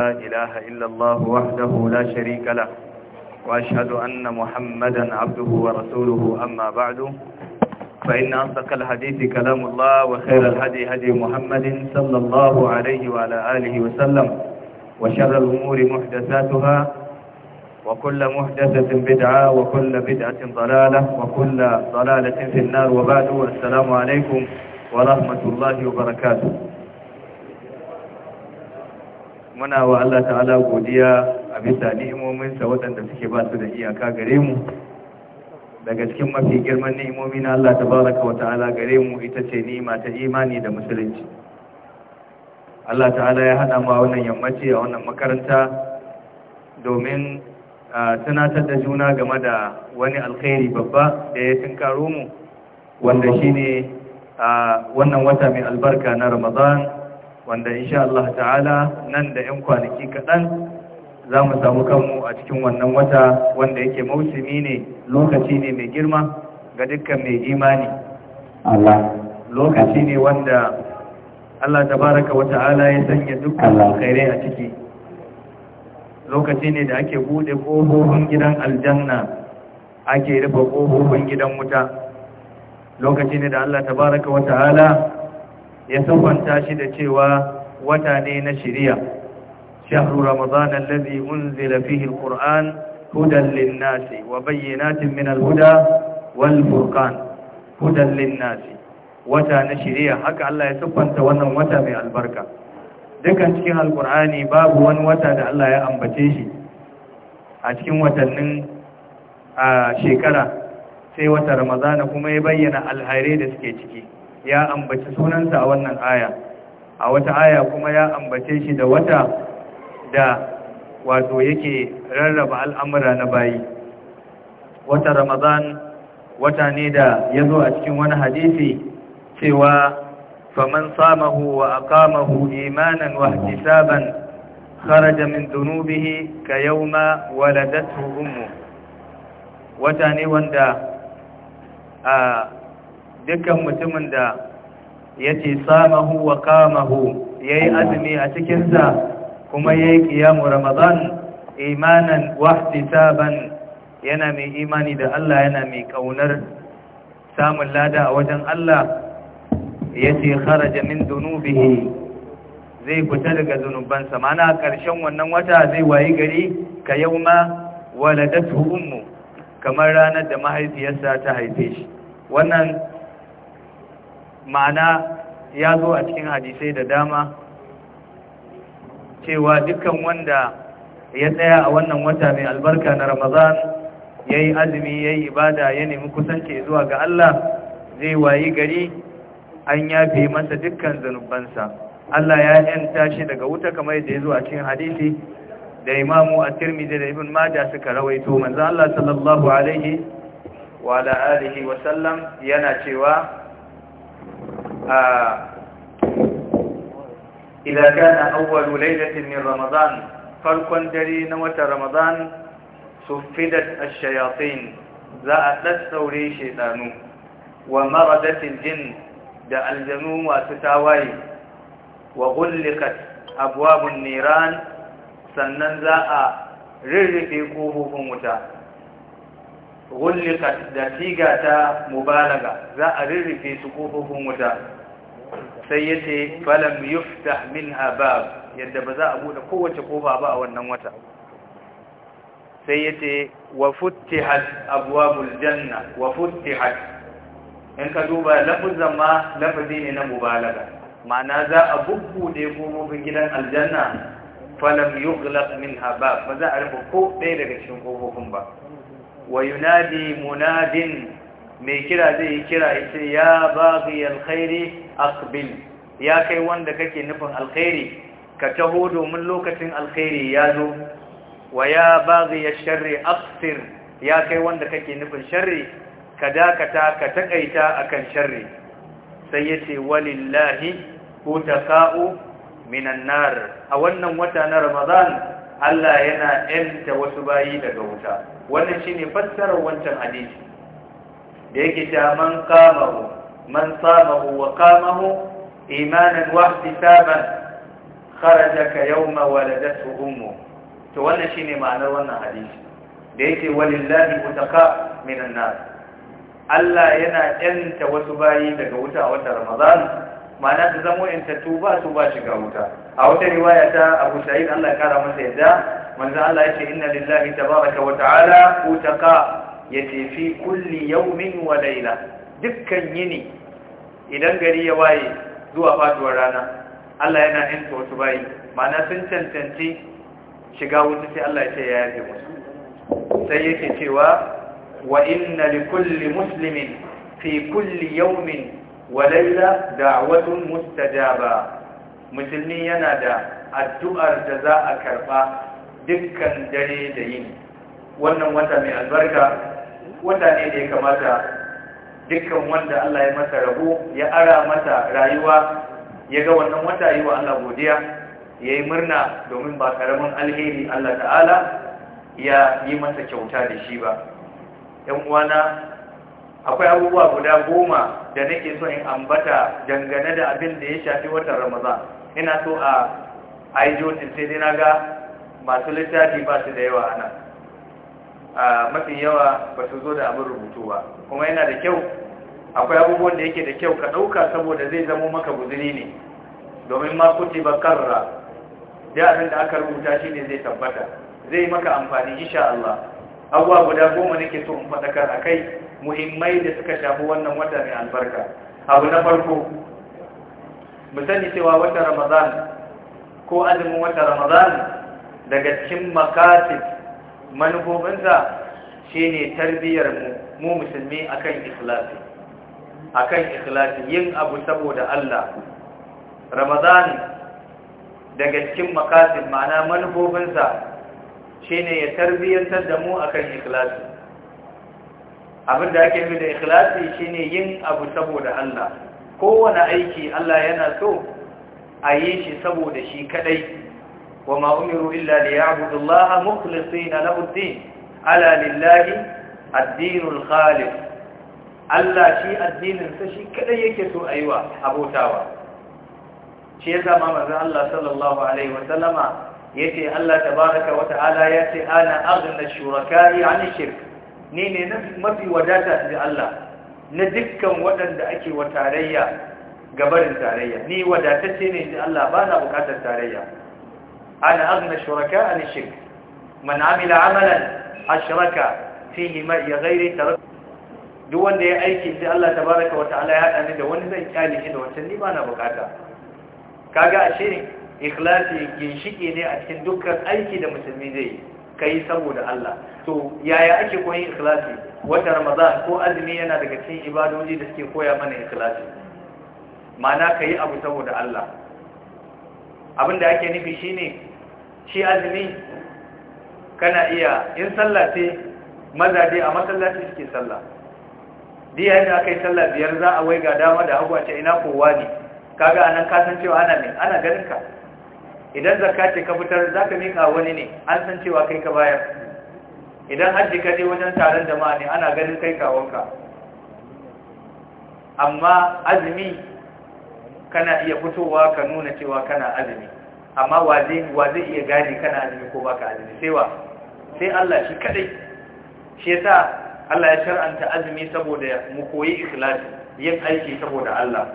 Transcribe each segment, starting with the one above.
لا إله إلا الله وحده لا شريك له وأشهد أن محمدا عبده ورسوله أما بعد فإن أصدق الحديث كلام الله وخير الهدي هدي محمد صلى الله عليه وعلى آله وسلم وشر الأمور محدثاتها وكل محدثة بدعة وكل بدعة ضلالة وكل ضلالة في النار وبعد السلام عليكم ورحمة الله وبركاته muna wa Allah ta'ala godiya a bisa ni'imominsa waɗanda suke ba su da iyaka gare mu daga cikin mafi girman ni'imomi na Allah tabaraka wa ta'ala gare mu ita ce ni'ima ta imani da musulunci Allah ta'ala ya haɗa mu wannan yammaci a wannan makaranta domin tunatar da juna game da wani alkhairi babba da ya tunkaro mu wanda shine wannan wata mai albarka na Ramadan wanda insha Allah ta'ala nan da 'yan kwanaki kaɗan za mu samu kanmu a cikin wannan wata wanda yake mausumi ne lokaci ne mai girma ga dukkan mai imani lokaci ne wanda Allah tabaraka wa ta'ala ya sanya dukkan alkhairai a ciki lokaci ne da ake bude ƙofofin gidan aljanna ake rufe ƙofofin gidan wuta lokaci ne da Allah tabaraka wa ta'ala ya sufanta shi da cewa wata ne na shiriya shahru ramadan allazi unzila fihi alquran hudan Linnasi. wa bayyinatin min huda wal furqan hudan Linnasi. wata na shirya, haka Allah ya sufanta wannan wata mai albarka dukan cikin alqur'ani babu wani wata da Allah ya ambace shi a cikin watannin a shekara sai wata ramadana kuma ya bayyana alhairai da suke ciki ya ambaci sunansa a wannan aya a wata aya kuma ya ambace shi da wata da wato yake rarraba al'amura na bayi wata ramadan wata ne da ya zo a cikin wani hadisi cewa faman samahu wa kama imanan wa ihtisaban kharaja min dunubihi ka ma waladatu ummu wata ne wanda a dukkan mutumin da ya ce samahu wa kamahu ya yi azumi a cikinsa kuma ya yi ƙiyamu ramadan imanan wahtisaban yana mai imani da Allah yana mai ƙaunar samun lada a wajen Allah ya ce kharaja min dunubihi zai fita daga zunubansa mana ƙarshen wannan wata zai wayi gari ka yau ma waladatu ummu kamar ranar da mahaifiyarsa ta haife shi wannan ma'ana ya zo a cikin hadisai da dama cewa dukkan wanda ya tsaya a wannan wata mai albarka na ramazan ya yi azumi ya yi ibada ya nemi kusanci zuwa ga Allah zai wayi gari an yafe masa dukkan zanubansa Allah ya yanta shi daga wuta kamar da ya zo a cikin hadisi da imamu a tirmidhi da ibn mada suka rawaito manzo Allah sallallahu alaihi wa sallam yana cewa إذا كان أول ليلة من رمضان فرقا دري نوة رمضان سفدت الشياطين ذا لسوري شيطان ومردت الجن دع الجنوم وتتاوي وغلقت أبواب النيران سنن ذا rurrufe ƙofofin wuta gullika da siga ta mubalaga za a rirrife su kofofin wuta sai ya ce falam yufta min habab yadda ba za a kowace kofa ba a wannan wata sai ya ce wa futtihat abwabul janna wa futtihat in ka duba lafazan zama lafazi ne na mubalaga ma'ana za a bubbude kofofin gidan aljanna falam yughlaq min habab ba za a rufe ko ɗaya daga cikin kofofin ba wa yunadi munadin mai kira zai yi kira ya ce ya baghi alkhairi aqbil ya kai wanda kake nufin alkhairi ka taho domin lokacin alkhairi ya zo wa ya baghi sharri aksir. ya kai wanda kake nufin sharri ka dakata ka takaita akan sharri sai yace walillahi hutaka'u minan nar a wannan wata na ramadan Allah yana ‘yanta wasu bayi daga wuta wannan shi ne fassarar wancan hadisi da yake ta man kamahu man samahu wa kamahu imanin wahdi saban kharaja ka yawma waladatu ummu to wannan shi ne ma'anar wannan hadisi da yake walillahi mutaka minan nas Allah yana ‘yanta wasu bayi daga wuta a watan Ramadan ma'ana su zamo ‘yantattu ba su ba shiga wuta a wata riwaya ta Abu Sa'id Allah ya kara masa yadda manzo Allah yace inna lillahi tabaraka wa ta'ala utaqa yace fi kulli yawmin wa layla dukkan yini idan gari ya waye zuwa faduwar rana Allah yana inta wasu bayi ma'ana sun cancanci shiga wuta sai Allah ya ce ya yafe musu sai yake cewa wa inna likulli muslimin fi kulli yawmin wa layla da'watun mustajaba musulmi yana da addu'ar da za a karɓa dukkan dare da yin wannan wata mai albarka wata ne da ya kamata dukkan wanda Allah ya masa rabu ya ara masa rayuwa ya ga wannan wata yi wa Allah godiya ya yi murna domin ba karamin alheri Allah ta'ala ya yi masa kyauta da shi ba ‘yan uwana akwai abubuwa guda goma da nake so in ambata dangane da abin da ya shafi watan ramazan ina so a ai jotin sai dai na ga masu littafi ba su da yawa ana a mafi yawa ba su zo da abin rubutu ba kuma yana da kyau akwai abubuwan da yake da kyau ka ɗauka saboda zai zamo maka guzuri ne domin ma kuti ba karra da abin da aka rubuta shi ne zai tabbata zai maka amfani insha Allah abuwa guda goma nake so in faɗakar a kai muhimmai da suka shafi wannan wata mai albarka abu na farko mu sani cewa wata ramadan ko azumin wata ramadan daga cikin makasib manufofinsa shine tarbiyyar mu mu musulmi akan ikhlasi akan ikhlasi yin abu saboda Allah ramadan daga cikin makasib ma'ana manufofinsa shine ya tarbiyyantar da mu akan ikhlasi abinda ake nufi da ikhlasi shine yin abu saboda Allah kowane aiki Allah yana so a yi shi saboda shi kadai wa ma umiru illa liya'budu Allah mukhlisina lahu ad-din ala lillahi ad-dinul khalis Allah shi addinin sa shi kadai yake so aiwa abotawa shi yasa ma manzon Allah sallallahu alaihi wa sallama yace Allah tabaraka wa ta'ala yace ana aghna shuraka'i 'ani shirk ni ne mafi wadata da Allah na dukkan waɗanda ake wa tarayya gabarin tarayya ni wadatacce ne ji Allah ba na bukatar tarayya ana azna shuraka a shirk man amila amalan ashraka fihi ma ya ghairi tarak duk wanda ya aiki sai Allah tabaraka wa ta'ala ya hada ni da wani zai kyale shi da wancan ni ba na bukata kaga ashe ikhlasi ginshiki ne a cikin dukkan aiki da musulmi zai yi kai saboda Allah to yaya ake koyin ikhlasi wata ramadan ko azumi yana daga cikin ibadoji da suke koya mana ikhlasi ma'ana kai abu saboda Allah abinda ake nufi shine shi azumi kana iya in sallah ce mazaje a masallaci suke sallah yayin da aka yi sallah biyar za a waiga dama da hagu a ce ina kowa ne kaga anan kasancewa ana ne ana ganin ka idan zakka ce ka fitar za ka miƙa wani ne an san cewa kai ka bayar idan hajji ka je wajen taron jama'a ne ana ganin kai kawonka amma azumi kana iya fitowa ka nuna cewa kana azumi amma wa zai iya gane kana azumi ko baka azumi sai wa sai Allah shi kadai shi yasa Allah ya shar'anta azumi saboda mu koyi ikhlasi yin aiki saboda Allah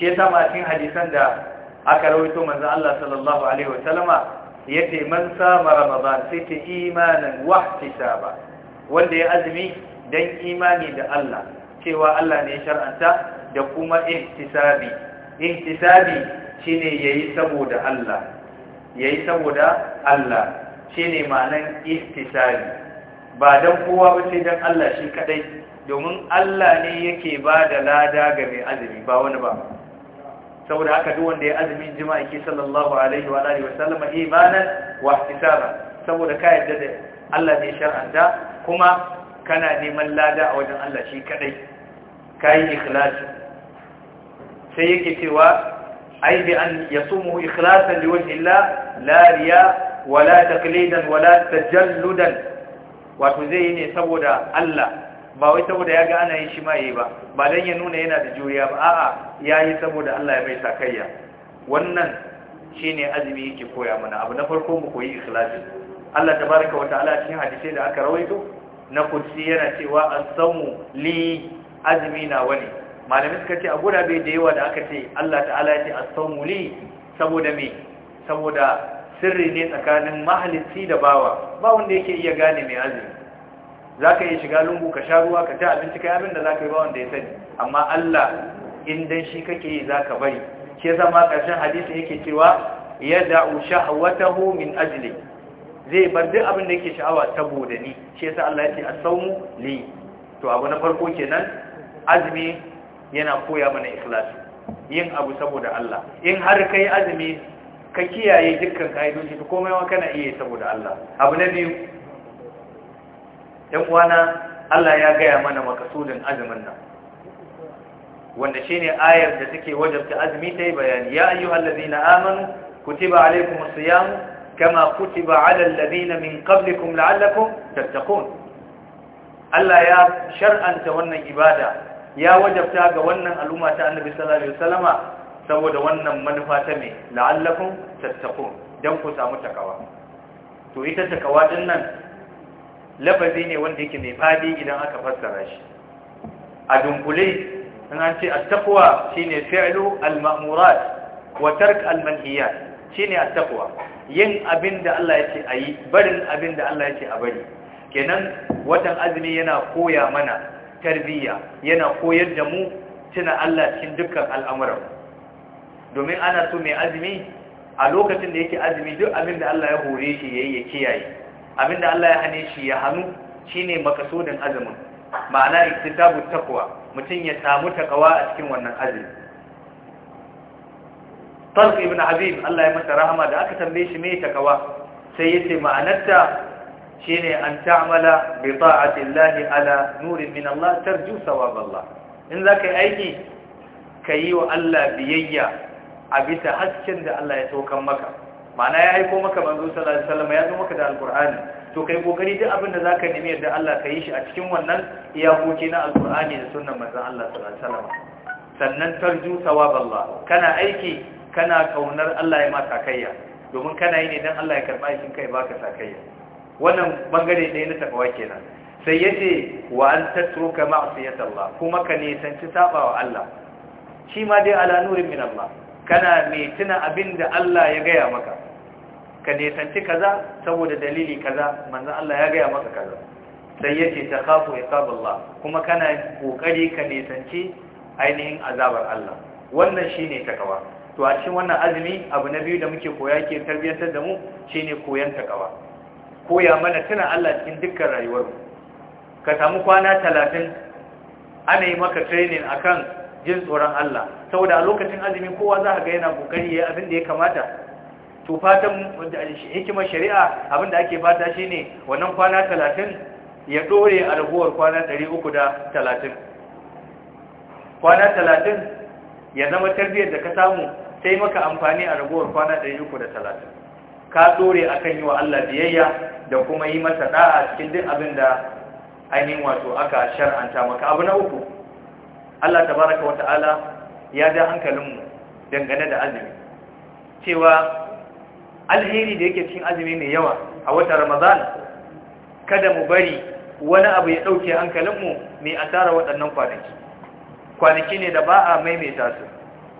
shi yasa ma cikin hadisan da aka rawaito manzo Allah sallallahu alaihi wasallama yace man sama ramadan sai ta imanan wahtisaba wanda ya azumi dan imani da Allah cewa Allah ne ya shar'anta da kuma ihtisabi ihtisabi shine yayi saboda Allah yayi saboda Allah shine ma'anan ihtisabi ba dan kowa ba sai dan Allah shi kadai domin Allah ne yake ba da lada ga mai azumi ba wani ba saboda haka duk wanda ya azumi jima'i ke sallallahu alaihi wa alihi wa sallama imanan wa ihtisaba saboda ka yadda da Allah ne shar'anta kuma kana neman lada a wajen Allah shi kadai kai ikhlasi sai yake cewa ai bi an yasumu ikhlasan liwajhi Allah la riya wala taqlidan wala tajalludan wato zai ne saboda Allah ba wai saboda ya ga ana yin shi maye ba ba dan ya nuna yana da juriya ba a'a ya yi saboda Allah ya mai sakayya wannan shine azumi yake koya mana abu na farko mu koyi ikhlasi Allah tabaraka wa ta'ala cikin hadisi da aka rawaito na kursi yana cewa as-samu li azmi na wani Malamin suka ce a bai da yawa da aka ce Allah ta'ala ya ce as-samu li saboda me saboda sirri ne tsakanin mahalicci da bawa ba wanda yake iya gane mai azumi za ka iya shiga lungu ka sha ruwa ka ta abinci kai abin da za ka yi ba wanda ya sani amma Allah in dan shi kake yi za ka bari ke zama ƙarshen hadisi yake cewa ya da'u shahwatahu min ajli zai bar duk abin da yake sha'awa saboda ni shi yasa Allah ya ce li to abu na farko kenan azumi yana koya mana ikhlasi yin abu saboda Allah in har kai azumi ka kiyaye dukkan kaidoji to komai ma kana iya saboda Allah abu na biyu ɗan uwana Allah ya gaya mana makasudin azumin nan wanda shine ayar da take wajabta azumi ta yi bayani ya ayyuhallazina amanu kutiba alaykumus siyam kama ba alal ladina min qablikum la'allakun tattaqun Allah ya shar'anta wannan ibada ya wajabta ga wannan al'umma ta Annabi sallallahu Salama, saboda wannan manufa ta mai la'allakun tattaqun dan ku samu takawa to ita takawa din nan lafazi ne wanda yake mai fadi idan aka fassara shi a dunkule in an ce at-taqwa shine fi'lu al-ma'murat wa tark al-manhiyat shine at-taqwa yin abinda Allah yake ayi barin abinda Allah yake a bari kenan watan azumi yana koya mana tarbiyya yana koyar da mu tuna Allah cikin dukkan al'amuran domin ana so mai azumi a lokacin da yake azumi duk abin da Allah ya hore shi yayi ya kiyaye abinda Allah ya hane shi ya hannu shine makasudin azumin ma'ana iktisabu taqwa mutum ya samu takawa a cikin wannan azumi Talq ibn Habib Allah ya masa rahama da aka tambaye shi me takawa sai yace ma'anarta shine an ta'mala bi ta'ati Allah ala nurin min Allah tarju sawab Allah in zaka yi aiki kayi wa Allah biyayya a bisa hasken da Allah ya saukan maka ma'ana ya aiko maka manzo sallallahu alaihi wasallam ya zo maka da alqur'ani to kai kokari duk abin da zaka nemi yadda Allah ka yi shi a cikin wannan iyakoki na alqur'ani da sunnar manzon Allah sallallahu alaihi wasallam sannan tarju sawaballah kana aiki kana kaunar Allah ya ma sakayya domin kana yi ne dan Allah ya karba aikin kai baka sakayya wannan bangare ne na takawa kenan sai yace wa an tatruka ma'siyatallah kuma ka ne sanci sabawa Allah shi ma dai ala nurin min Allah kana mai tuna abin da Allah ya gaya maka ka nisanci kaza saboda dalili kaza manzon Allah ya gaya maka kaza sai ce ta khafu iqaballah kuma kana kokari ka nisanci ainihin azabar Allah wannan shine takawa to a cikin wannan azumi abu na biyu da muke koya ke tarbiyyantar da mu shine koyan takawa koya mana tana Allah cikin dukkan rayuwar mu ka samu kwana talatin ana yi maka training akan jin tsoron Allah saboda a lokacin azumi kowa za ka ga yana kokari ya abin da ya kamata to fatan hikimar shari'a abin da ake fata shi ne wannan kwana talatin ya dore a raguwar kwana ɗari uku da talatin kwana talatin ya zama tarbiyyar da ka samu sai maka amfani a raguwar kwana ɗari uku da talatin ka dore akan yi wa Allah biyayya da kuma yi masa ɗa'a cikin duk abin da ainihin wato aka shar'anta maka abu na uku Allah ta baraka wa ta'ala ya da hankalinmu dangane da azumi cewa alheri da yake cikin azumi mai yawa a wata ramadan kada mu bari wani abu ya ɗauke hankalinmu mai asara waɗannan kwanaki kwanaki ne da ba a maimaita su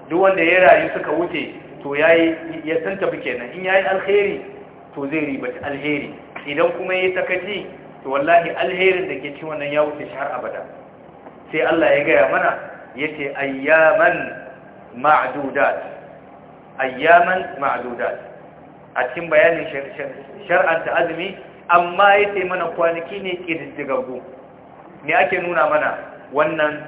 duk wanda ya rayu suka wuce to yayi ya san tafi kenan in ya yi alheri to zai riba ta alheri idan kuma ya yi sakaci to wallahi alherin da ke ci wannan ya wuce shahar abada sai Allah ya gaya mana yace ayyaman ma'adudat ayyaman ma'adudat a cikin bayanin shar'anta azumi amma ya ce mana kwanaki ne ƙididdigaggu ne ake nuna mana wannan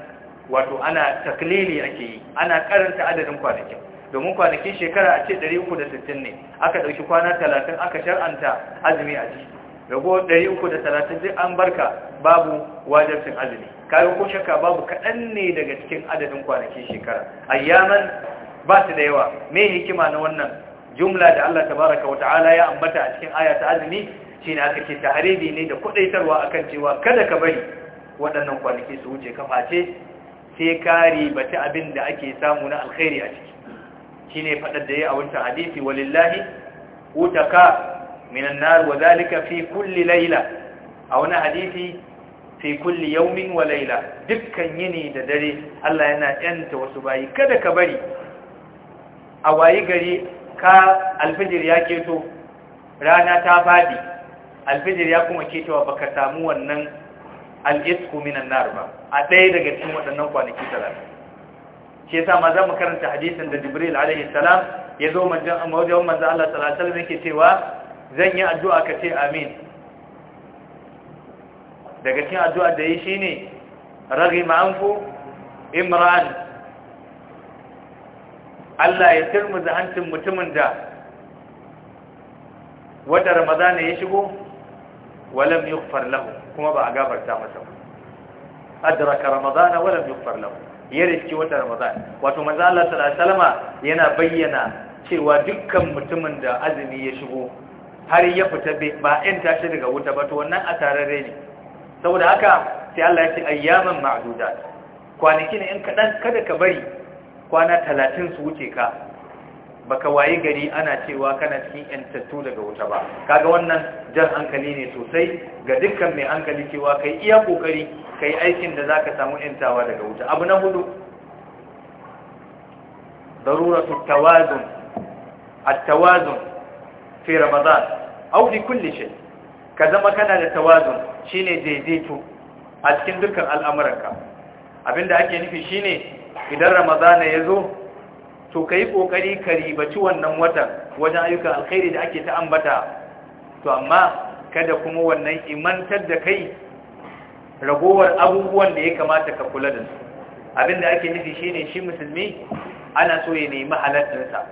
wato ana taklili ake yi ana karanta adadin kwanakin domin kwanakin shekara a ce 360 ne aka ɗauki kwana 30 aka shar'anta azumi a ciki rago 330 duk an barka babu wajabcin azumi kayo ko shakka babu kaɗan ne daga cikin adadin kwanakin shekara ayyaman ba su da yawa me hikima na wannan jumla da Allah tabaraka wa ta'ala ya ambata a cikin aya ta azumi shine aka ce tahrimi ne da kudaitarwa akan cewa kada ka bari waɗannan kwanaki su wuce ka face sai ka ribata abin da ake samu na alkhairi a ciki shine fadar da yayi a wancan hadisi walillahi utaka minan nar wa zalika fi kulli layla a wani hadisi fi kulli yawmin wa layla dukkan yini da dare Allah yana yanta wasu bayi kada ka bari a wayi gari ka alfijir ya keto rana ta fadi alfijir ya kuma ketowa baka samu wannan al'isku minan nar ba a ɗaya daga cikin waɗannan kwanaki talatin Ke sa ma za mu karanta hadisin da Jibril alaihi salam ya zo manzon ya wajen manzon Allah sallallahu alaihi wasallam yake cewa zan yi addu'a ka ce amin daga cikin addu'a da yi shine raghima anfu imran Allah ya turmuza hancin mutumin da wata ramadana ya shigo walam yughfar lahu kuma ba a gafarta masa ba adraka ramadana walam yughfar lahu ya riski wata ramadana wato manzo Allah sallallahu alaihi wasallama yana bayyana cewa dukkan mutumin da azumi ya shigo har ya fita ba in tashi daga wuta ba to wannan a tarare ne saboda haka sai Allah ya ce ayyaman ma'dudat kwanaki ne in kadan kada ka bari kwana talatin su wuce ka baka wayi gari ana cewa kana cikin yantattu daga wuta ba kaga wannan jan hankali ne sosai ga dukkan mai hankali cewa kai iya kokari kai aikin da zaka samu yantawa daga wuta abu na hudu daruratu tawazun at-tawazun fi ramadan aw fi kulli shay ka zama kana da tawazun shine daidaito a cikin dukkan al'amuranka abinda ake nufi shine idan ramadana ya zo to ka yi ƙoƙari ka ribaci wannan watan wajen ayyukan alkhairi da ake ta ambata to amma kada kuma wannan imantar da kai ragowar abubuwan da ya kamata ka kula da su abinda ake nufi shine shi musulmi ana so ya nemi halattarsa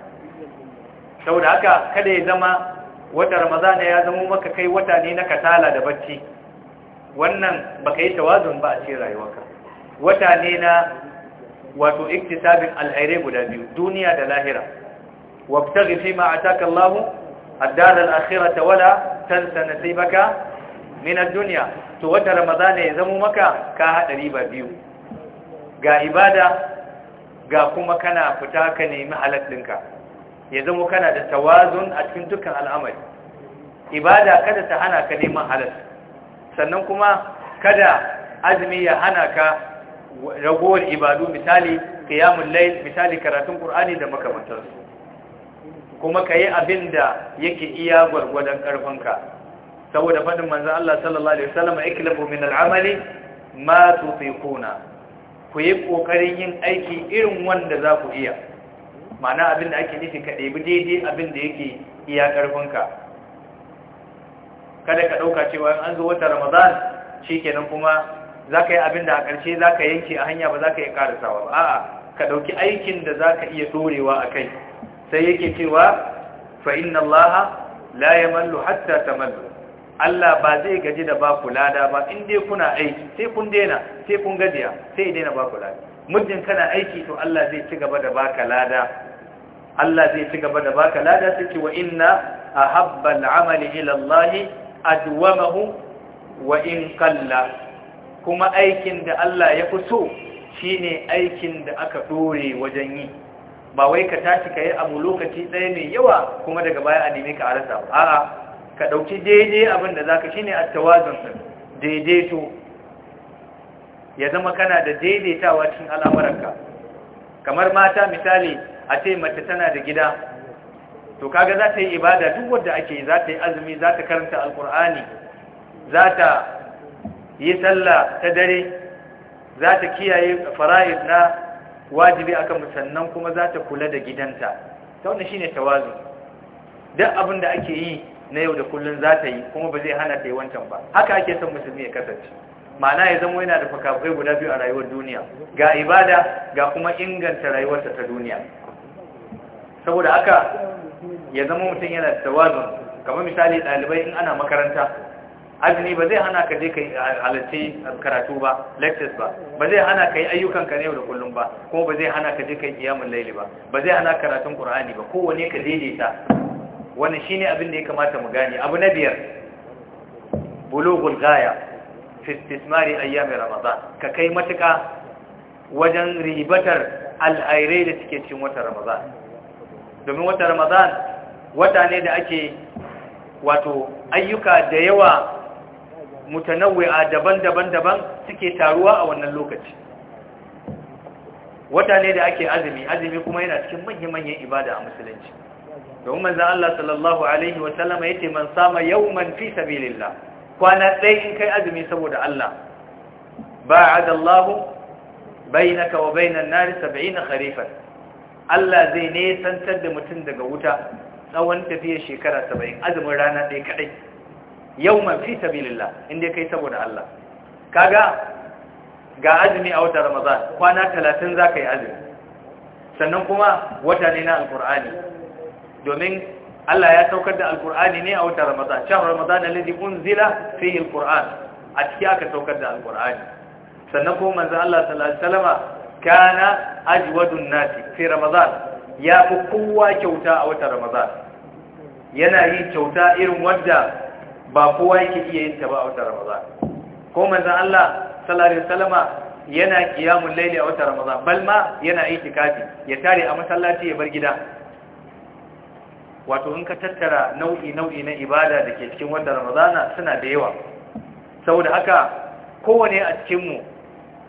saboda haka kada ya zama wata ramadana ya zama maka kai wata ne na katala da bacci wannan baka yi tawazun ba a ce rayuwarka wata ne na wato iktisabin alhairai guda biyu duniya da lahira wabtaghi fima ataka Allahu ad-dar al-akhirata wala tansa nasibaka min ad-dunya to wata ramadana ya zamo maka ka hada riba biyu ga ibada ga kuma kana fita ka nemi halal dinka ya zamo kana da tawazun a cikin dukkan al'amari ibada kada ta hana ka neman halal sannan kuma kada azumi ya hana ka ragowar ibadu misali qiyamul layl misali karatun qur'ani da makamantarsu. kuma kayi abinda yake iya gwargwadon karfinka saboda fadin manzon Allah sallallahu alaihi wasallam iklabu min al'amali ma tutiquna ku yi kokarin yin aiki irin wanda za ku iya ma'ana abinda ake nufi ka ɗebi daidai abinda yake iya karfinka kada ka ɗauka cewa an zo wata ramadan shikenan kuma za ka yi abin da a ƙarshe za ka yanke a hanya ba za ka yi ƙarasawa ba a'a ka ɗauki aikin da za ka iya ɗorewa a kai sai yake cewa fa inna allaha la yamallu hatta mallu. Allah ba zai gaji da ba ku lada ba in dai kuna aiki sai kun daina sai kun gajiya sai daina ba ku lada muddin kana aiki to Allah zai ci gaba da ba ka lada Allah zai ci gaba da ba ka lada sai wa inna ahabba al-amali ila Allah adwamahu wa in qalla kuma aikin da Allah ya fi so shine aikin da aka ɗore wajen yi ba wai ka tashi ka yi abu lokaci ɗaya mai yawa kuma daga baya a nemi ka arasa a'a ka ɗauki daidai abin da zaka shine at-tawazun daidaito ya zama kana da daidaitawa cikin al'amuranka kamar mata misali a ce mace tana da gida to kaga za ta yi ibada duk wanda ake za ta yi azumi za ta karanta alkur'ani za ta yi sallah ta dare za ta kiyaye fara'id na wajibi akan musannan kuma za ta kula da gidanta ta shi shine tawazu duk abin da ake yi na yau da kullun za ta yi kuma ba zai hana ta yi wancan ba haka ake son musulmi ya kasance ma'ana ya zama yana da fakafai guda biyu a rayuwar duniya ga ibada ga kuma inganta rayuwarsa ta duniya saboda haka ya zama mutum yana da tawazun kamar misali ɗalibai in ana makaranta azumi ba zai hana ka je ka halarci karatu ba lectures ba ba zai hana ka yi ayyukan ka ne da kullum ba ko ba zai hana ka je ka yi laili ba ba zai hana karatun qur'ani ba kowane ka daidaita wannan shine abin da ya kamata mu gane abu na biyar bulughul ghaya fi istismari ayyami ramadan ka kai matuka wajen ribatar al'airai da suke cikin watan ramadan domin watan ramadan wata ne da ake wato ayyuka da yawa mutanawwi'a daban-daban daban suke taruwa a wannan lokaci wata ne da ake azumi azumi kuma yana cikin manya-manyan ibada a musulunci umar za Allah sallallahu alaihi wa sallama yace man sama yawman fi sabilillah kwana ɗaya in kai azumi saboda Allah ba'ada Allah bainaka wa bainan Nari saba'in kharifan Allah zai ne santar da mutum daga wuta tsawon tafiyar shekara saba'in azumin rana ɗaya kaɗai. yawman fi sabilillah inda kai saboda Allah kaga ga azumi a watan Ramadan kwana za zaka yi azumi sannan kuma wata ne na alqur'ani domin Allah ya saukar da alkur'ani ne a watan Ramadan shahr Ramadan alladhi unzila fihi alqur'an a ciki aka saukar da alqur'ani sannan kuma manzo Allah sallallahu alaihi wasallama kana ajwadun nati fi Ramadan ya fi kowa kyauta a watan Ramadan yana yi kyauta irin wadda ba kowa yake iya yin ta ba a watan ramadan ko manzan Allah sallallahu alaihi yana qiyamul layli a watan ramaza Balma yana aiki kafi ya tare a masallaci ya bar gida wato in ka tattara nau'i nau'i na ibada da ke cikin wanda ramazana suna da yawa saboda haka kowane a cikin mu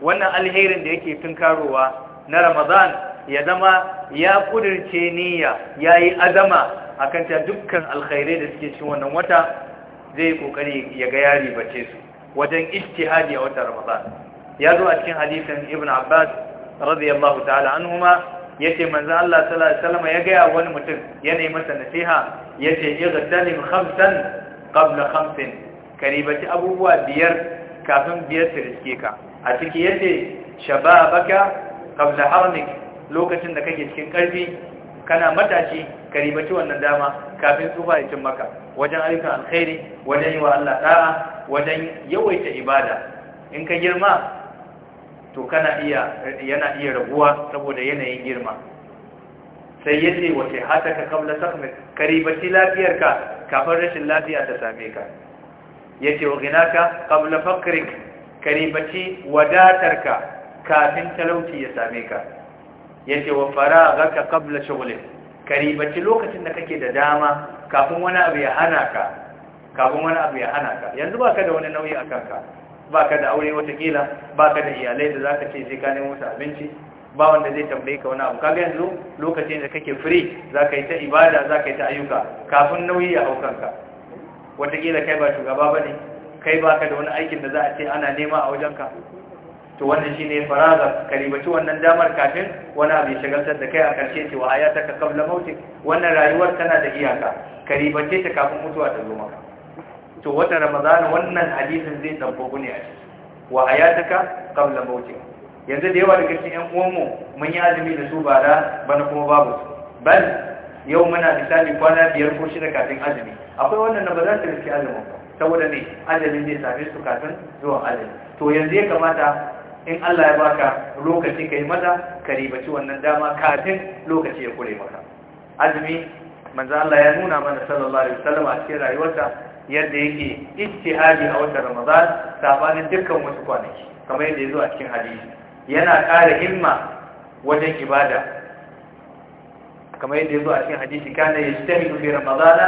wannan alherin da yake tunkarowa na ramazan ya zama ya kudirce niyya yayi azama akan ta dukkan alkhairai da suke cikin wannan wata zai yi kokari ya ga yari bace su wajen ijtihadi a wata ramadan ya zo a cikin hadisin ibn abbas radiyallahu ta'ala anhuma yace manzo Allah sallallahu alaihi wasallam ya ga wani mutum ya masa nasiha yace igtanim khamsan qabla khamsin karibati abubuwa biyar kafin biyar su riske ka a ciki yace shababaka qabla harmik lokacin da kake cikin karfi kana matashi Karibaci, wannan dama kafin tsufa ya cin maka wajen ayyukan alkhairi wajen yi wa Allah da'a wajen yawaita ibada in ka girma to kana iya yana iya raguwa saboda yanayin girma sai yace wace hataka qabla saqmi Karibaci lafiyar lafiyarka kafin rashin lafiya ta same ka yace wa ghinaka qabla faqrik Karibaci wadatar wadatarka kafin talauci ya same ka yace wa ka kabla shughlik ka lokacin da kake da dama kafin wani abu ya hana ka kafin wani abu ya hana ka yanzu baka da wani nauyi a kanka baka da aure watakila baka da iyalai da zaka ce sai ka nemo musu abinci ba wanda zai tambaye ka wani abu kaga yanzu lokacin da kake free zaka yi ta ibada zaka yi ta ayyuka kafin nauyi ya hau kanka watakila kai ba shugaba bane kai baka da wani aikin da za a ce ana nema a wajenka to wannan shine faraga karibaci wannan damar kafin wani abu shagaltar da kai a karshe ce wa hayataka qabla mautik wannan rayuwar tana da iyaka karibace ta kafin mutuwa ta zo maka to wata ramadana wannan hadisin zai dabbo ne a ciki wa taka qabla mautik yanzu da yawa daga cikin yan uwanmu mun yi azumi da su ba da bana kuma babu su bal yau muna misali kwana biyar ko shida kafin azumi akwai wannan ba za su riski azumin saboda ne azumin zai same su kafin zuwan azumi to yanzu ya kamata in Allah ya baka lokaci kai mata ka ribaci wannan dama kafin lokaci ya kure maka azumi manzo Allah ya nuna mana sallallahu alaihi wasallam a cikin rayuwarsa yadda yake ijtihadi a watan Ramadan sabanin dukkan wasu kwanaki kamar yadda yazo a cikin hadisi yana ƙara himma wajen ibada kamar yadda yazo a cikin hadisi kana yajtahidu fi Ramadan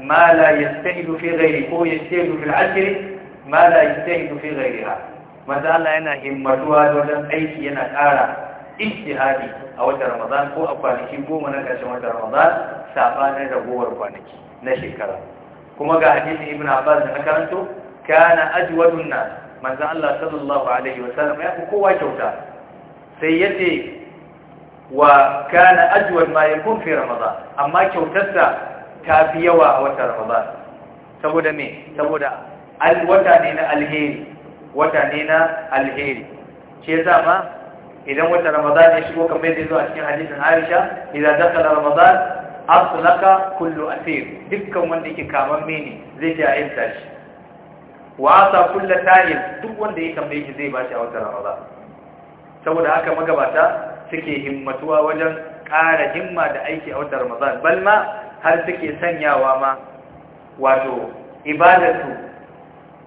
ma la yajtahidu fi ghairi ko yajtahidu fil ajri ma la yajtahidu fi ghairiha manzo Allah yana himmatuwa wajen aiki yana ƙara ijtihadi a watan Ramadan ko a kwanaki goma na ƙarshen watan Ramadan sabanin ragowar kwanaki na shekara kuma ga hadisin Ibn Abbas da karanto kana ajwadun nas manzo Allah sallallahu alaihi wasallam ya fi kowa kyauta sai yace wa kana ajwad ma yakun fi Ramadan amma kyautarsa ta fi yawa a watan Ramadan saboda me saboda al wata ne na alheri wata ne na alheri shi zama ma idan wata ramadan ya shigo kamar yadda zo a cikin hadisin Aisha idan dakala ramadan aslaka kullu asir dukkan wanda yake kaman mene zai ji ayyuka shi wa asa kullu ta'il duk wanda ya tambaye shi zai bashi a wata ramadan saboda haka magabata suke himmatuwa wajen ƙara himma da aiki a wata ramadan balma har suke sanyawa ma wato ibadatu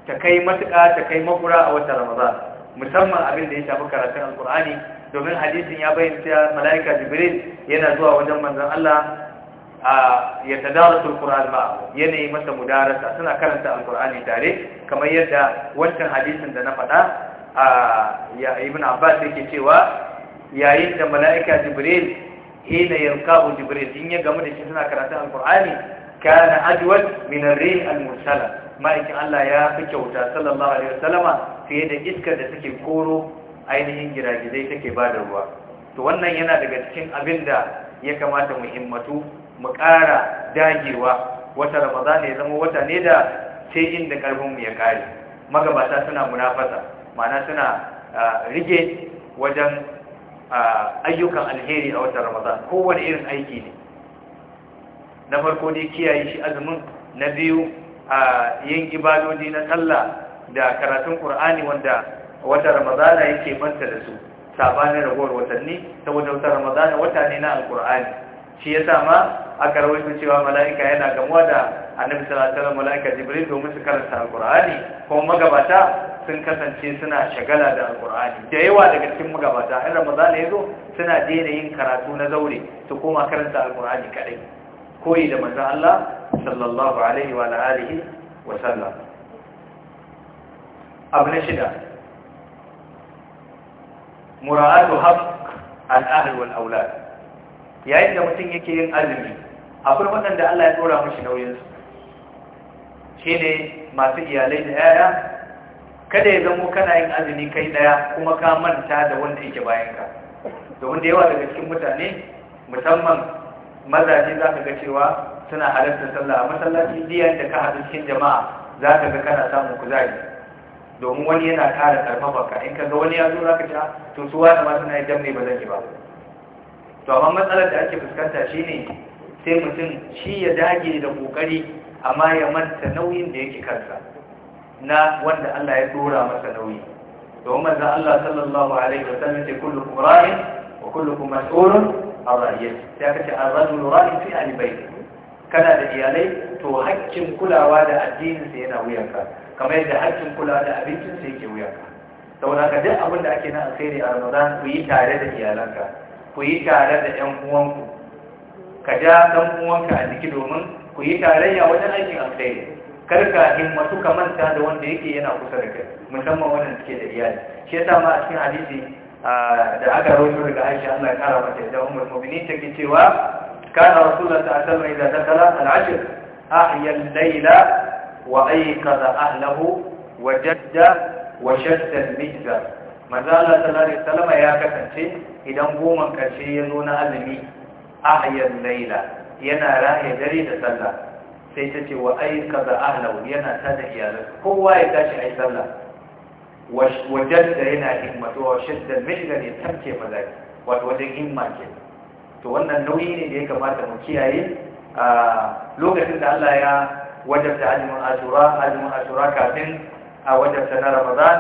ta kai matuƙa ta kai makura a watan ramadan musamman abin da ya shafi karatun alkur'ani domin hadisin ya bayyana mala'ika jibril yana zuwa wajen manzon Allah a ya tadarusul qur'an ma yana masa mudarasa suna karanta alkur'ani tare kamar yadda wancan hadisin da na faɗa a ya ibn abbas yake cewa yayin da mala'ika jibril hina yarkabu jibril in ya gamu da shi suna karatun alkur'ani kana ajwad min ar-rih al-mursala ma'aikin Allah ya fi kyauta sallallahu alaihi wasallama fiye da iskar da take koro ainihin giragizai take ba da ruwa to wannan yana daga cikin abin da ya kamata mu himmatu mu ƙara dagewa wata ramadan ya zama wata ne da sai inda karfin mu ya kare magabata suna munafasa ma'ana suna rige wajen ayyukan alheri a wata ramadan kowane irin aiki ne na farko dai kiyaye shi azumin na biyu a yin ibadodi na sallah da karatun Qur'ani wanda wata Ramadana yake manta da su sabanin ragowar watanni saboda wata Ramadana wata ne na al shi yasa ma aka rawaito cewa mala'ika yana gamuwa da Annabi sallallahu alaihi mala'ika Jibril domin su karanta al kuma magabata sun kasance suna shagala da alkur'ani da yawa daga cikin magabata in ramadana ya zo suna daina yin karatu na zaure su koma karanta alkur'ani kadai koyi da manzon Allah sallallahu alaihi wa alihi wa sallam abu shida mura'atu haqq al-ahl wal aulad yayin da mutum yake yin azumi akwai waɗanda Allah ya dora mushi nauyin su shine masu iyalai da yaya kada ya zamo kana yin azumi kai daya kuma ka manta da wanda yake bayanka ka domin da yawa daga cikin mutane musamman mazaje za ka ga cewa suna halartar sallah masallaci diyan da ka hadu cikin jama'a za ka ga kana samun kuzari domin wani yana tara karfafa ka in ka ga wani ya zo za ka ah, to su wani ma suna yi ba zan yi ba to amma matsalar da ake fuskanta shi ne, sai mutum shi ya dage da kokari amma ya manta nauyin da yake kansa na wanda Allah ya dora masa nauyi domin manzon Allah sallallahu alaihi wasallam ce kullu qura'in wa kullukum mas'ulun arayati ya kace ar lura ra'in fi ahli baiti kana da iyalai to haƙƙin kulawa da addinin sa yana wuyanka kamar yadda haƙƙin kulawa da abincin sa yake wuyanka saboda ka duk abin da ake na alkhairi a Ramadan ku yi tare da iyalanka ku yi tare da ƴan uwanku ka ja ɗan uwanka a jiki domin ku yi tarayya wajen aikin alkhairi ka himmatu ka manta da wanda yake yana kusa da kai musamman wannan suke da iyali shi yasa ma a cikin hadisi da aka rawaito daga Aisha Allah ya kara mata da Ummul Mu'minin take cewa kana Rasulullah sallallahu alaihi wasallam idza dakala al-ashr ahya al-layla wa ayqadha ahlihi wa jadda wa shadda al-mijza manzo Allah sallallahu alaihi wasallam ya kasance idan goman karshe ya zo na azumi ahya al-layla yana rahe dare da sallah sai ta ce wa ayqadha ahlihi yana tada iyalansa kowa ya tashi ai sallah da yana himmatu wa shaddan mishgan ya tamke mazaki wato wajen himma ke to wannan nauyi ne da ya kamata mu kiyaye a lokacin da Allah ya wajabta azumin ashura azumin ashura kafin a wajabta na ramadan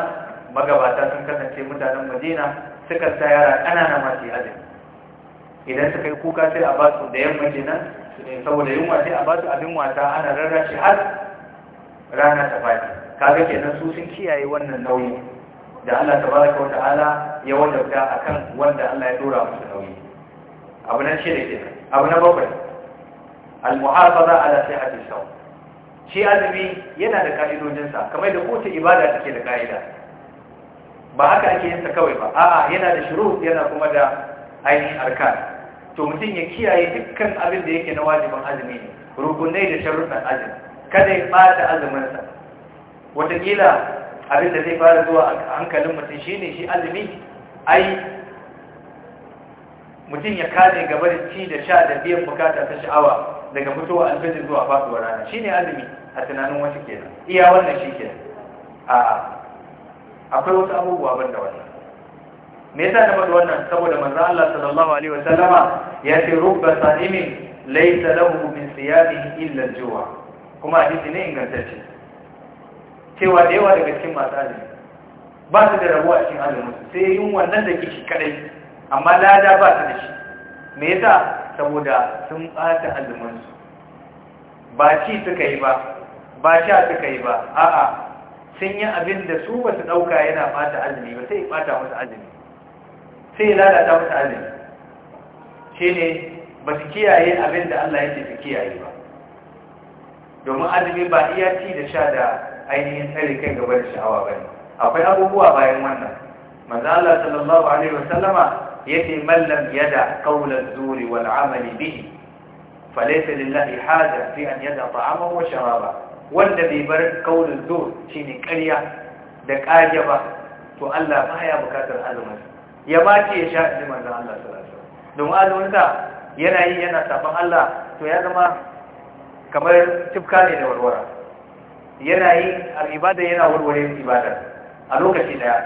magabata sun kasance mutanen madina suka sa yara ƙanana masu azumi idan suka yi kuka sai a basu da yamma kenan saboda yunwa sai a basu abin wasa ana rarrashi har rana ta fadi kaga kenan su sun kiyaye wannan nauyi da Allah tabaraka wa ta'ala ya a akan wanda Allah ya dora musu nauyi abu nan shi da ke abu na bakwai al-muhafaza ala sihhati sawm shi azumi yana da ka'idojinsa kamar da kowace ibada take da ka'ida ba haka ake yin sa kawai ba a'a yana da shuru yana kuma da ainihin arkan to mutum ya kiyaye dukkan abin da yake na wajibin azumi ne rukunai da sharuɗan azumi kada ya ɓata azuminsa watakila abin da zai fara zuwa a hankalin mutum shi ne shi azumi ai mutum ya kare gaba da ci da sha da biyan bukata ta sha'awa daga mutuwa alfajir zuwa faɗuwar rana shi ne azumi a tunanin wasu kenan iya wannan shi kenan a'a akwai wasu abubuwa ban da wannan me yasa na faɗi wannan saboda manzo Allah sallallahu alaihi wa sallama ya ce rubba sa'imin laysa lahu min siyamihi illa al-ju'a kuma hadisi ne ingantacce cewa da yawa daga cikin masu azumi ba su da rabuwa cikin azumin sai yin wannan da kishi kadai amma lada ba su da shi me yasa saboda sun bata azumin su ba ci suka yi ba ba sha suka yi ba a'a sun yi abin da su ba su dauka yana bata azumi ba sai bata musu azumi sai lalata musu azumi shine ba su kiyaye abin da Allah ya ce su kiyaye ba domin azumi ba iya ci da sha da ainihin tsare kai gaba da sha'awa bane akwai abubuwa bayan wannan manzo Allah sallallahu alaihi wasallama yace man lam yada qawla zuri wal amali bihi falaysa lillahi haja fi an yada ta'amahu wa sharaba wanda bai bar qawla zuri shine ƙarya da ƙage ba to Allah baya bukatar azumin ya ma ya sha ji manzo Allah sallallahu alaihi wasallam don azumin yana yi yana saban Allah to ya zama kamar tifka ne da warwara yana yi al'ibada yana warware ibada a lokaci daya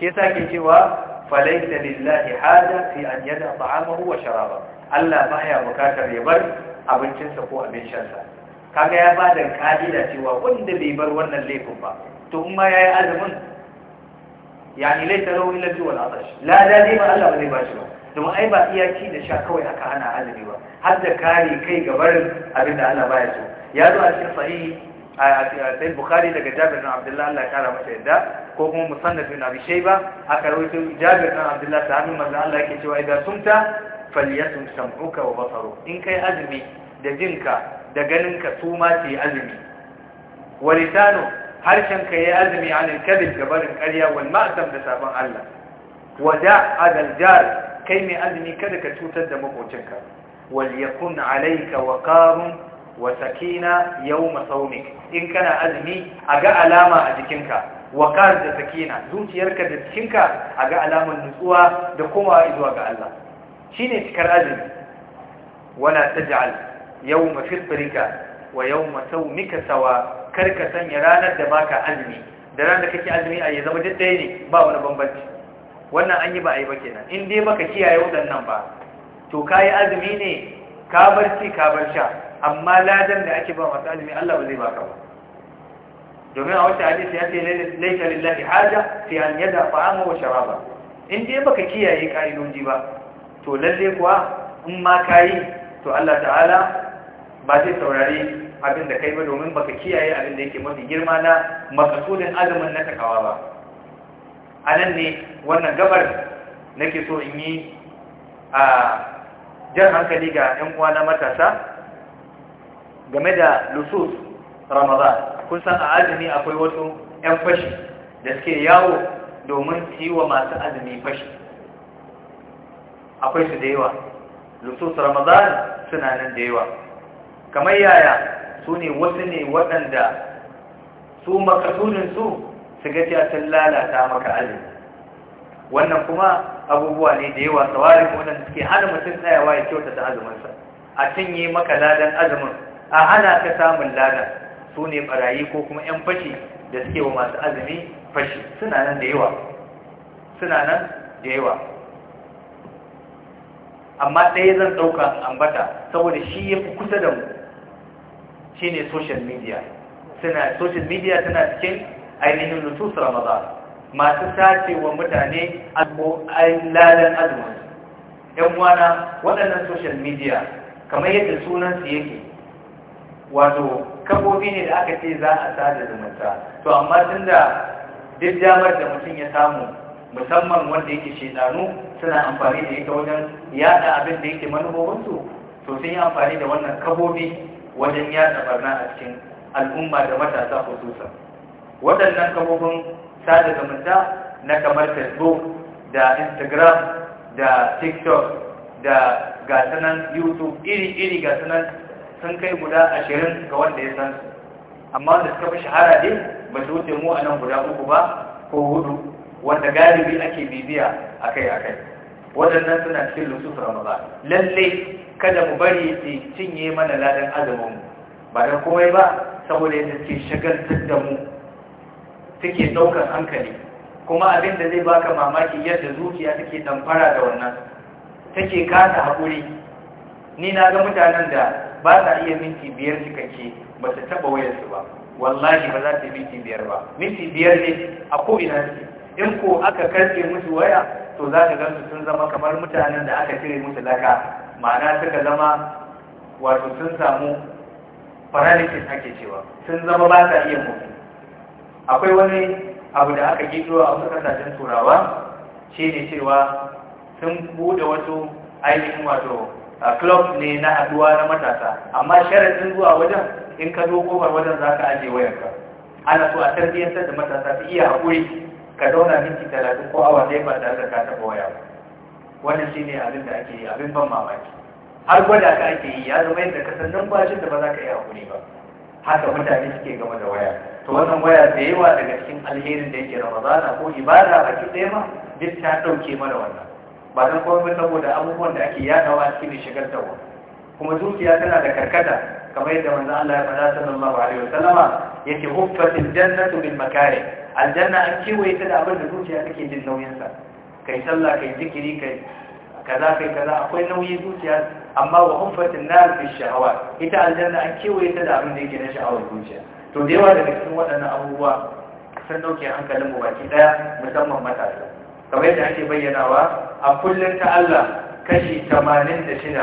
shi sa ke cewa falaita lillahi hada fi an yada ta'amahu wa sharaba Allah baya bukatar ya bar abincinsa ko abin shansa kaga ya da kadida cewa wanda bai bar wannan laifin ba to in ma yayi azumin yani laita lahu illa bi wal atash la da dai ba Allah bai bashi ba domin ai ba iyaki da sha kawai aka ana azumi ba har da kare kai gabarin abin da Allah baya so ya zo a cikin sahihi sai bukhari daga jabir bin Abdullahi Allah ya kara masa yadda ko kuma musannad bin abi shayba aka rawaito jabir Abdullahi ta sahabi manzo Allah ke cewa idan sumta falyasum sam'uka wa basaruk in kai azumi da jinka da ganinka su ma ce azumi wa lisanu harshenka yi azumi an al-kadhib gabarin ƙarya wal ma'sam da sabon Allah Wada da'adal jar kai mai azumi kada ka cutar da makocinka wal yakun wa waqarun wa sakina yawma in kana azumi a ga alama a jikinka wa da sakina zuciyarka da jikinka a ga alaman nutsuwa da kuma zuwa ga Allah shine cikar azumi wala taj'al yawma fitrika wa yawma sawmika sawa karka sanya ranar da baka azumi da ranar da kake azumi a yi zama daddai ne ba wani bambanci wannan an yi ba a yi ba kenan in dai baka kiyaye waɗannan ba to kayi azumi ne ka bar ci ka bar sha amma ladan da ake ba masu azumi Allah ba zai ba ka ba domin a wata hadisi ya ce laita lillahi haja fi an yada fa'ama wa sharaba in dai baka kiyaye ka'idoji ba to lalle kuwa in ma yi, to Allah ta'ala ba zai saurari abin da kai ba domin baka kiyaye abin da yake mafi girma na makasudin azumin na takawa ba a nan ne wannan gabar nake so in yi a jan hankali ga 'yan uwa na matasa game da lusus ramadan kun san a azumi akwai wasu 'yan fashi da suke yawo domin su yi wa masu azumi fashi akwai su da yawa lusus ramadan suna nan da yawa kamar yaya su ne wasu ne waɗanda su makasuninsu su gaci a sun lalata maka azumi wannan kuma abubuwa ne da yawa tsawarin waɗanda suke hana mutum tsayawa ya kyauta da azuminsa a cinye maka ladan azumin a hana ka samun lada su ne barayi ko kuma 'yan fashi da suke wa masu azumi fashi suna nan da yawa suna nan da yawa amma ɗaya zan ɗauka ambata saboda shi ya fi kusa da mu shi ne social media suna social media suna cikin ainihin lutus ramadan masu sace wa mutane lalan azumin yan wana waɗannan social media kamar yadda sunansu yake wato kafofi ne da aka ce za a sada zumunta to amma tun da duk damar da mutum ya samu musamman wanda yake shedanu suna amfani da ita wajen yada abin da yake manubobinsu to sun yi amfani da wannan kafofi wajen yada barna a cikin al'umma da matasa hususa waɗannan kafofin sada zumunta na kamar facebook da instagram da tiktok da gasanan youtube iri-iri gasanan sun kai guda ashirin ga wanda ya san amma da suka fi shahara ne ba su wuce mu a nan guda uku ba ko hudu wanda galibi ake bibiya a kai-a kai. waɗannan suna cikin lusuf ramadan lalle kada mu bari su cinye mana ladan azumin ba dan komai ba saboda yadda suke shagaltar da mu suke ɗaukar hankali kuma abin da zai baka mamaki yadda zuciya take damfara da wannan take kasa haƙuri ni na ga mutanen da ba za iya minti biyar cikakke ba su taɓa wayarsu ba wallahi ba za ta yi minti biyar ba minti biyar ne a ko'ina ce in ko aka karfe musu waya to za ka gansu sun zama kamar mutanen da aka cire musu laka ma'ana suka zama wato sun samu paralysis ake cewa sun zama ba sa iya mutu akwai wani abu da aka gido a wasu kasashen turawa shi ne cewa sun buɗe wasu ainihin wato a club ne na haduwa na matasa amma sharadin zuwa wajen in ka zo kofar wajen za ka ajiye wayanka. ana so a tarbiyyantar da matasa su iya haƙuri ka zauna minti talatin ko awa ɗaya ba tare da ka taɓa waya ba wannan shi ne abin da ake yi abin ban mamaki har gwada ka ake yi ya zama yadda ka san numfashin da ba za ka yi haƙuri ba haka mutane suke game da waya to wannan waya da yawa daga cikin alherin da yake ramadana ko ibada a ɗaya ma duk ta ɗauke mana wannan ba don komai saboda abubuwan da ake yadawa a cikin shigar da tawa kuma zuciya tana da karkata kamar yadda manzo Allah ya faɗa sallallahu alaihi wasallama yake huffatil jannatu bil makare. aljanna an kiwaye ta da abin da zuciya take jin nauyin sa kai sallah kai zikiri kai kaza kai kaza akwai nauyi zuciya amma wa huffatil nar fi shahawa ita aljanna an kiwaye ta da abin da yake na sha'awar zuciya to da yawa daga cikin waɗannan abubuwa sun dauke hankalin mu baki daya musamman matasa kamar yadda ake bayyanawa a kullum ta Allah kashi 86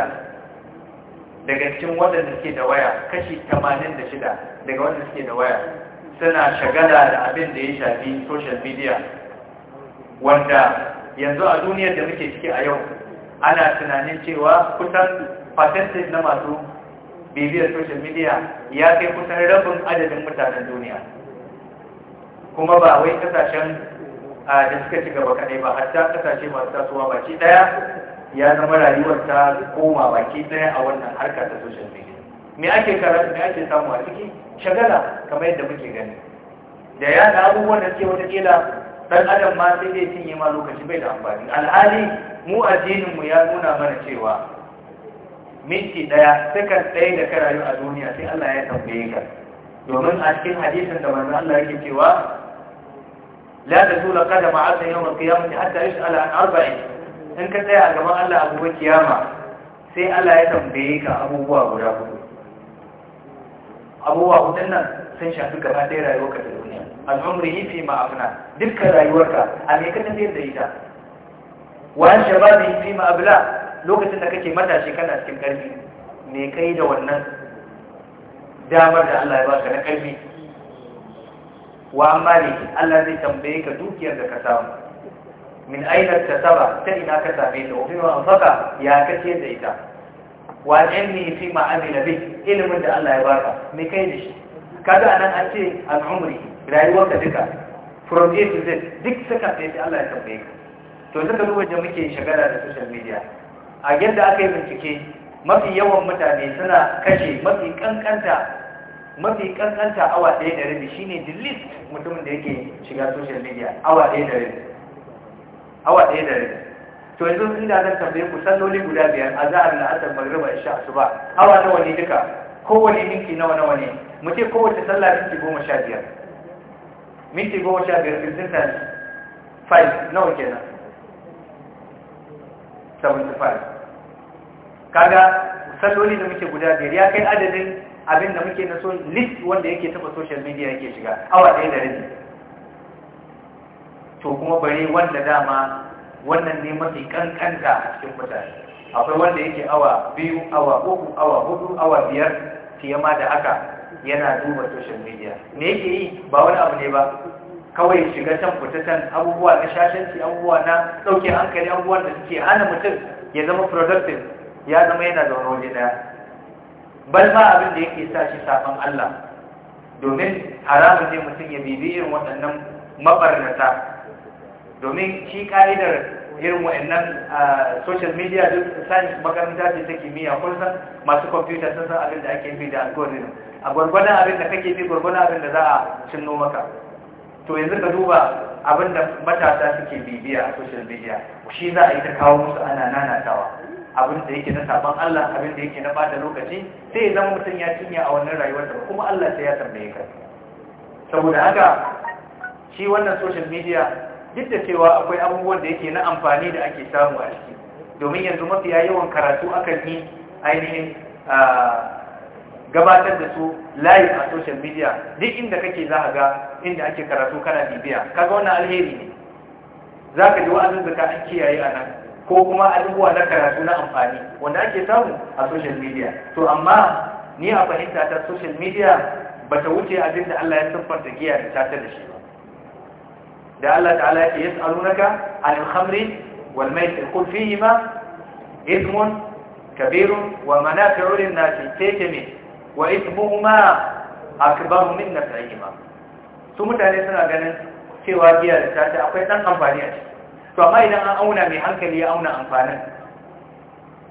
daga cikin waɗanda suke da waya kashi 86 daga waɗanda suke da waya suna shagala da abin da ya shafi social media wanda yanzu a duniyar da muke ciki a yau ana tunanin cewa kusan percentage na masu bibiyar social media ya kai kusan rabin adadin mutanen duniya kuma ba wai kasashen da suka ci gaba kadai ba hatta kasashe masu tasowa baki daya ya zama rayuwar ta koma baki ɗaya a wannan harka ta social media me ake karatu me ake samu a ciki shagala kamar yadda muke gani da ya da abubuwan da suke watakila dan adam ma sai dai cinye ma lokaci bai da amfani alhali mu addinin mu ya nuna mana cewa minti daya sakan ɗaya da ka rayu a duniya sai Allah ya tambaye ka domin a cikin hadisin da manzo Allah yake cewa la tazula qadama 'abdin yawm al-qiyamati hatta yus'ala an arba'in in ka tsaya a gaban Allah a kiyama sai Allah ya tambaye ka abubuwa guda hudu abubuwa hudun nan sun shafi gaba ɗaya rayuwarka da duniya al'umri fi ma afna dukkan rayuwarka a me ka ita wa shababi fi ma lokacin da kake matashi kana cikin karfi me kai da wannan damar da Allah ya baka na karfi wa mali Allah zai tambaye ka dukiyar da ka samu min aina ta tasaba ta ina ka same ta wa ya kace da ita wa ilmi fi ma amila bi ilmin da Allah ya baka me kai da shi kaga anan an ce an umri rayuwar ka duka from A to Z duk saka sai Allah ya tambaye ka to duka lokacin da muke shagala da social media a yadda aka yi bincike mafi yawan mutane suna kashe mafi kankanta mafi kankanta awa ɗaya da rabi ne the least mutumin da yake shiga social media awa ɗaya da rabi awa ɗaya da rabi to yanzu inda zan tambaye ku salloli guda biyar a za'ar la'asar magriba isha ba. awa nawa ne duka kowane minti nawa nawa ne mu ce kowace sallah minti goma sha biyar minti goma sha biyar fifteen times five nawa kenan seventy five kaga salloli da muke guda biyar ya kai adadin abin da muke na so list wanda yake taba social media yake shiga awa ɗaya da rabi to kuma bare wanda dama wannan ne mafi kankanta a cikin mutane akwai wanda yake awa biyu awa uku awa hudu awa biyar fiye ma da haka yana duba social media me yake yi ba wani abu ne ba kawai shiga can fita can abubuwa na shashanci abubuwa na ɗauke hankali abubuwan da suke hana mutum ya zama productive ya zama yana zaune waje daya bal ma abin da yake sa shi safan Allah domin haramun ne mutum ya bibi irin waɗannan mabarnata domin shi ka'idar irin waɗannan social media duk science makaranta ce ta kimiyya kun san masu kwamfuta sun san abin da ake bi da algorithm a gwargwadon abin da kake bi gwargwadon abin da za a cinno maka to yanzu ka duba abin da matasa suke bibiya a social media shi za a yi ta kawo musu ana nanatawa abin da yake na saban Allah abin da yake na bada lokaci sai ya zama mutum ya cinya a wannan rayuwarsa kuma Allah sai ya tambaye ka saboda haka shi wannan social media duk da cewa akwai abubuwan da yake na amfani da ake samu a ciki domin yanzu mafiya yawan karatu akan yi ainihin gabatar da su live a social media duk inda kake za ga inda ake karatu kana bibiya kaga wannan alheri ne za ka ji wa'azin zaka an kiyaye a nan ko kuma abubuwa na karatu na amfani wanda ake samu a social media to amma ni a fahimta ta social media bata wuce abin da Allah ya da giya da tata da shi ba da Allah ta'ala yake yas'alunaka 'anil khamri wal maisir qul fihima ithmun kabirun wa manafi'u lin-nasi taykami wa ithmuhuma akbaru min naf'ihima su mutane suna ganin cewa giya da tata akwai ɗan amfani a ciki to amma idan an auna mai hankali ya auna amfanin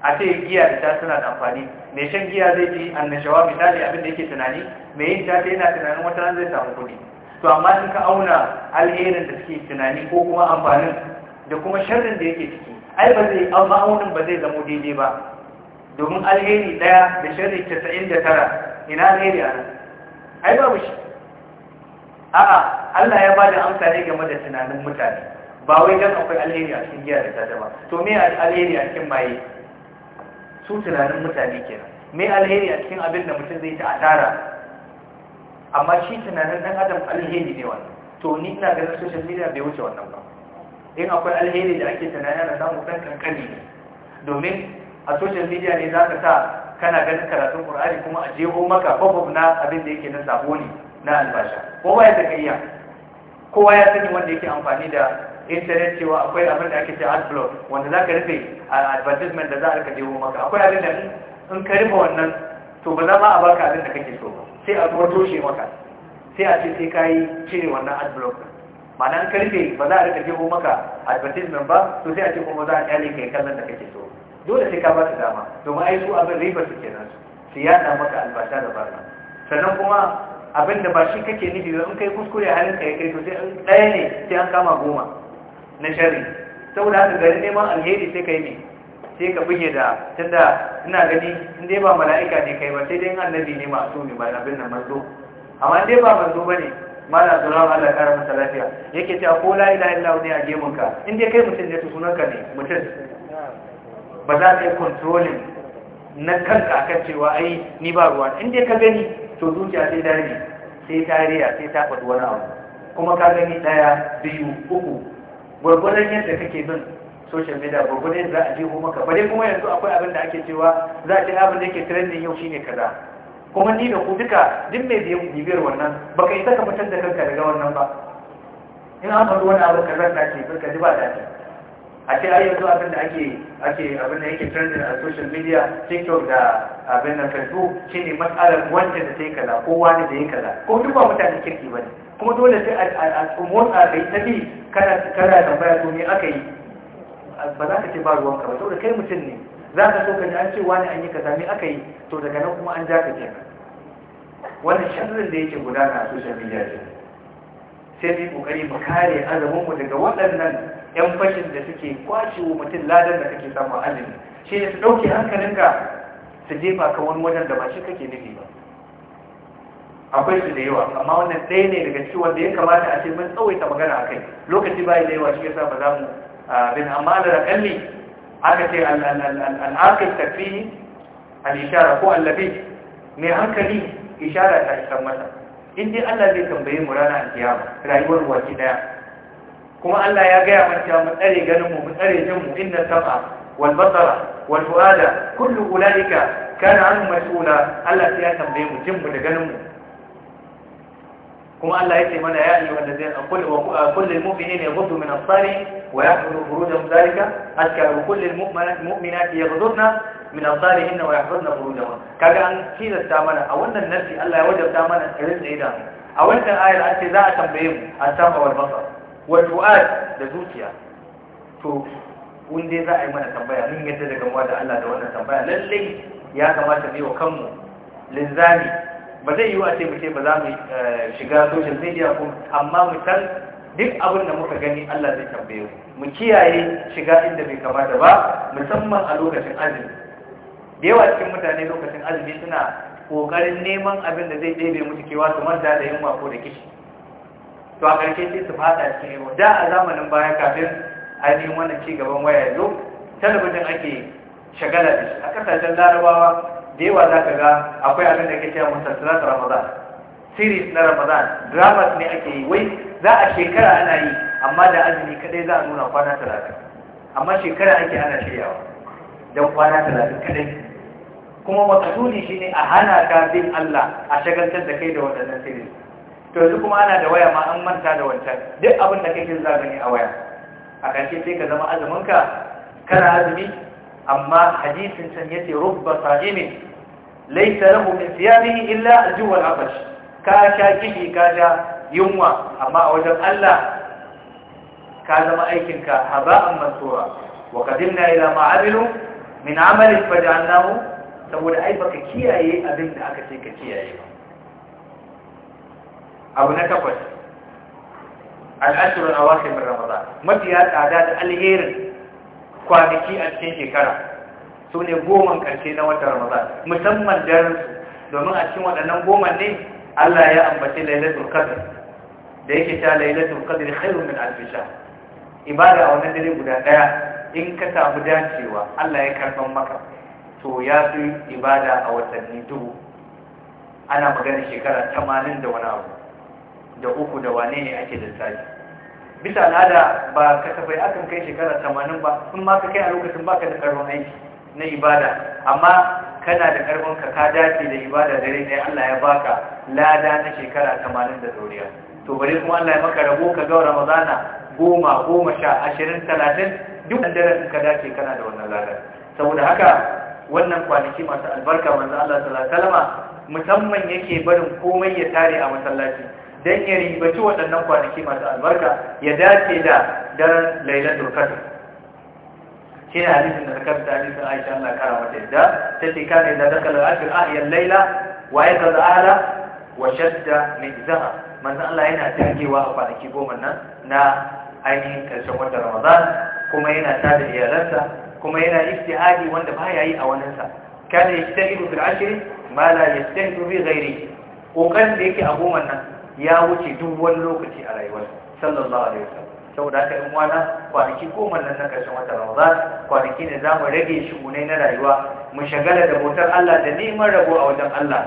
a ce giya da ta suna da amfani mai shan giya zai ji annashawa misali abin da yake tunani mai yin tata yana tunanin wata ran zai samu kuɗi to amma in ka auna alherin da suke tunani ko kuma amfanin da kuma sharrin da yake ciki ai ba zai amma aunin ba zai zamo daidai ba domin alheri ɗaya da sharri casa'in da tara ina alheri a ai babu shi a'a Allah ya ba da amsa ne game da tunanin mutane ba wai dan akwai alheri a cikin giya da tata ba to me alheri a cikin maye su tunanin mutane nan. me alheri a cikin abin da mutum zai ta tara? amma shi tunanin dan adam alheri ne wannan to ni ina ganin social media bai wuce wannan ba in akwai alheri da ake tunanin na samu dan kankani ne domin a social media ne za ka sa kana ganin karatun Qur'ani kuma a jeho maka babu na abin da yake na sabo ne na albasha kowa ya takayya kowa ya sani wanda yake amfani da internet cewa akwai abin da ake ce ad blog wanda za ka rufe advertisement da za a kaje maka akwai abin da in ka rufe wannan to ba za ma a baka abin da kake so sai a kuma toshe maka sai a ce sai ka yi cire wannan ad blog ma'ana in ka rufe ba za a rika jeho maka advertisement ba to sai a ce kuma za a kyale ka kallon da kake so dole sai ka ba su dama domin ai su abin riba su kenan su yada maka albasha da barna sannan kuma abin da ba shi kake nufi ba in kai kuskure halin ka ya kai to sai ɗaya ne sai an kama goma na shari saboda haka gari neman alheri sai ka yi ne sai ka buge da tunda ina gani in dai ba mala'ika ne kai ba sai dai annabi ne masu ne ba abin nan manzo amma dai ba manzo na zura wa Allah kara masa lafiya yake cewa ko la ilaha illallah ne a gemunka in dai kai mutum ne to sunanka ne mutum ba za ka yi controlling na kanka akan cewa ai ni ba ruwa in dai ka gani to zuciya sai dare sai tariya sai ta faɗi wani abu kuma ka gani ɗaya biyu uku gwargwadon yadda kake bin social media yadda za a jiho maka bare kuma yanzu akwai abin da ake cewa za a ce abin da yake trending yau shine kaza kuma ni da ku duka duk mai biyan bibiyar wannan ba ka isa ka fitar da kanka daga wannan ba in an faɗi wani abin kaza da ake birka ji ba daɗi a ce ai yanzu abin da ake ake abin da yake trending a social media tiktok da abin da facebook shine matsalar wanda da ta yi kaza ko wani da ya kaza ko duk ba mutane kirki ba ne kuma dole sai a motsa kai ta bi kana kara tambaya to me aka yi ba za ka ce ba ka ba saboda kai mutum ne za ka so ka ji an ce wani an yi kaza me aka yi to daga nan kuma an ja ka kenan wani sharrin da yake gudana a social media ce sai mu kokari mu kare azumin mu daga waɗannan yan fashin da suke kwashe wa mutum ladan da kake samu a shi ne su ɗauke hankalinka su jefa ka wani wajen da ba shi kake nufi ba akwai su da yawa amma wannan ɗaya ne daga cikin wanda ya kamata a ce mun tsawaita magana a kai lokaci bayi da yawa shi ya sa ba za mu bin amma da rakalli aka ce al'akar tafi al'ishara ko allabi mai hankali ishara ta isan masa in dai Allah zai tambaye mu rana alkiyama rayuwar waki ɗaya kuma Allah ya gaya mana cewa mu tsare ganin mu mu tsare jin mu inna sama wal basara wal fuada kullu ulaika kana an mas'ula Allah sai ya tambaye mu jin mu da ganin mu kuma Allah ya ce mana ya ayyuhal ladina qul wa kullul mu'minina gudu min absarihim wa ya yahfazu furujahum dhalika aska wa kullul mu'minati yaghudduna min absarihinna wa yahfazna furujahum kaga an tilasta mana a wannan nasi Allah ya wajabta mana irin da idan a wannan ayar an ce za a tambaye mu an sama wal basar wa du'at da zuciya to wanda za a yi mana tambaya mun yadda daga mu da Allah da wannan tambaya lalle ya kamata mu yi wa kanmu linzami ba zai yi a ce mu ba za mu eh, shiga social media ko amma mu san duk abin da muka gani Allah zai tambaye mu mu kiyaye shiga inda bai kamata ba musamman a lokacin azumi da yawa cikin mutane lokacin azumi suna kokarin neman abin da zai ɗebe musu kewa su manta da yunwa ko da kishi to a ƙarshe sai su fada cikin yau da a zamanin baya kafin ainihin wannan ci gaban waya yanzu talabijin ake shagala da shi a ƙasashen larabawa da yawa za ka ga akwai abin da ke cewa musassalat ramadan series na ramadan dramas ne ake yi wai za a shekara ana yi amma da azumi kadai za a nuna kwana talatin amma shekara ake ana shiryawa don kwana talatin kadai kuma shi ne a hana ka bin Allah a shagaltar da kai da waɗannan series to yanzu kuma ana da waya ma an manta da wancan duk abin da kake za gani a waya a ƙarshe sai ka zama azuminka kana azumi أما حديث إنسان يتي رب صائم ليس له من ثيابه إلا جو العطش كاشا جهي كاشا يموى أما أوجد ألا كاذا ما أيكن كهباء منصورة وقدمنا إلى ما عملوا من عمل فجعلناه سأقول أيبك كي أي أبن أكسيك كي أي أبو نتقل العشر الأواخر من رمضان متى أعداد الهيرن kwanaki a cikin shekara su ne goman karshe na watan ramadan musamman daren domin a cikin waɗannan goma ne Allah ya ambaci lailatul qadr da yake ta lailatul qadr khairun min alf ibada a wannan dare guda daya in ka samu dacewa Allah ya karban maka to ya fi ibada a watanni dubu ana magana shekara tamanin da wani abu da uku da wane ne ake lissafi bisa al'ada ba ka akan kai shekara tamanin ba sun ma ka kai a lokacin baka da karfin aiki na ibada amma kana da karfin ka ka dace da ibada rai ɗaya Allah ya baka lada na shekara tamanin da zuriya to bari kuma Allah ya maka rabo ka ga Ramadana goma goma sha ashirin talatin duk da ka dace kana da wannan lada saboda haka wannan kwanaki masu albarka manzo Allah sallallahu alaihi wasallam musamman yake barin komai ya tare a masallaci don ya ribaci waɗannan kwanaki masu albarka ya dace da daren lailan durkatu shi ne hadisin da kakar da hadisin aisha Allah kara wata yadda ta ce kane da dakal ashir ahiyar laila wa ya kaza ala wa shadda mai zaha manzan Allah yana dagewa a kwanaki goma nan na ainihin karshen wata ramadan kuma yana tada iyalansa kuma yana istihadi wanda ba ya yi a waninsa kana yastahidu fil ashri ma la yastahidu bi ghairi kokarin da yake a goma nan ya wuce duk wani lokaci a rayuwarsa sallallahu alaihi wasallam saboda haka in wana kwanaki goma nan na karshen wata rauza kwanaki ne za mu rage shugunai na rayuwa mu shagala da motar Allah da neman rabo a wajen Allah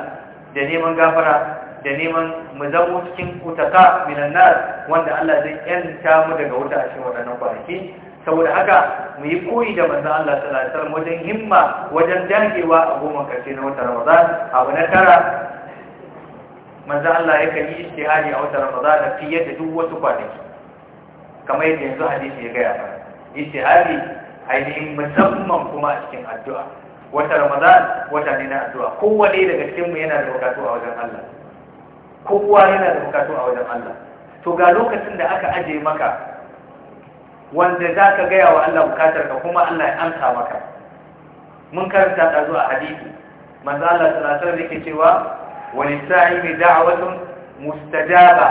da neman gafara da neman mu zamo cikin kutaka minan nar wanda Allah zai yanta mu daga wuta a cikin waɗannan kwanaki saboda haka mu yi koyi da manzon Allah sallallahu alaihi wasallam wajen himma wajen dagewa a goma karshe na wata rauza abu na tara manzo Allah yakan yi istihari a wata Ramadan fiye da duk wasu kwanaki kamar yadda yanzu hadisi ya gaya mana istihari ainihin musamman kuma a cikin addu'a wata Ramadan wata ne na addu'a Kowa ne daga cikin mu yana da bukatu a wajen Allah kowa yana da bukatu a wajen Allah to ga lokacin da aka aje maka wanda za ka gaya wa Allah bukatar ka kuma Allah ya amsa maka mun karanta ta zuwa hadisi manzo Allah sallallahu alaihi wasallam yake cewa wani sa'ibi da'awatun mustajaba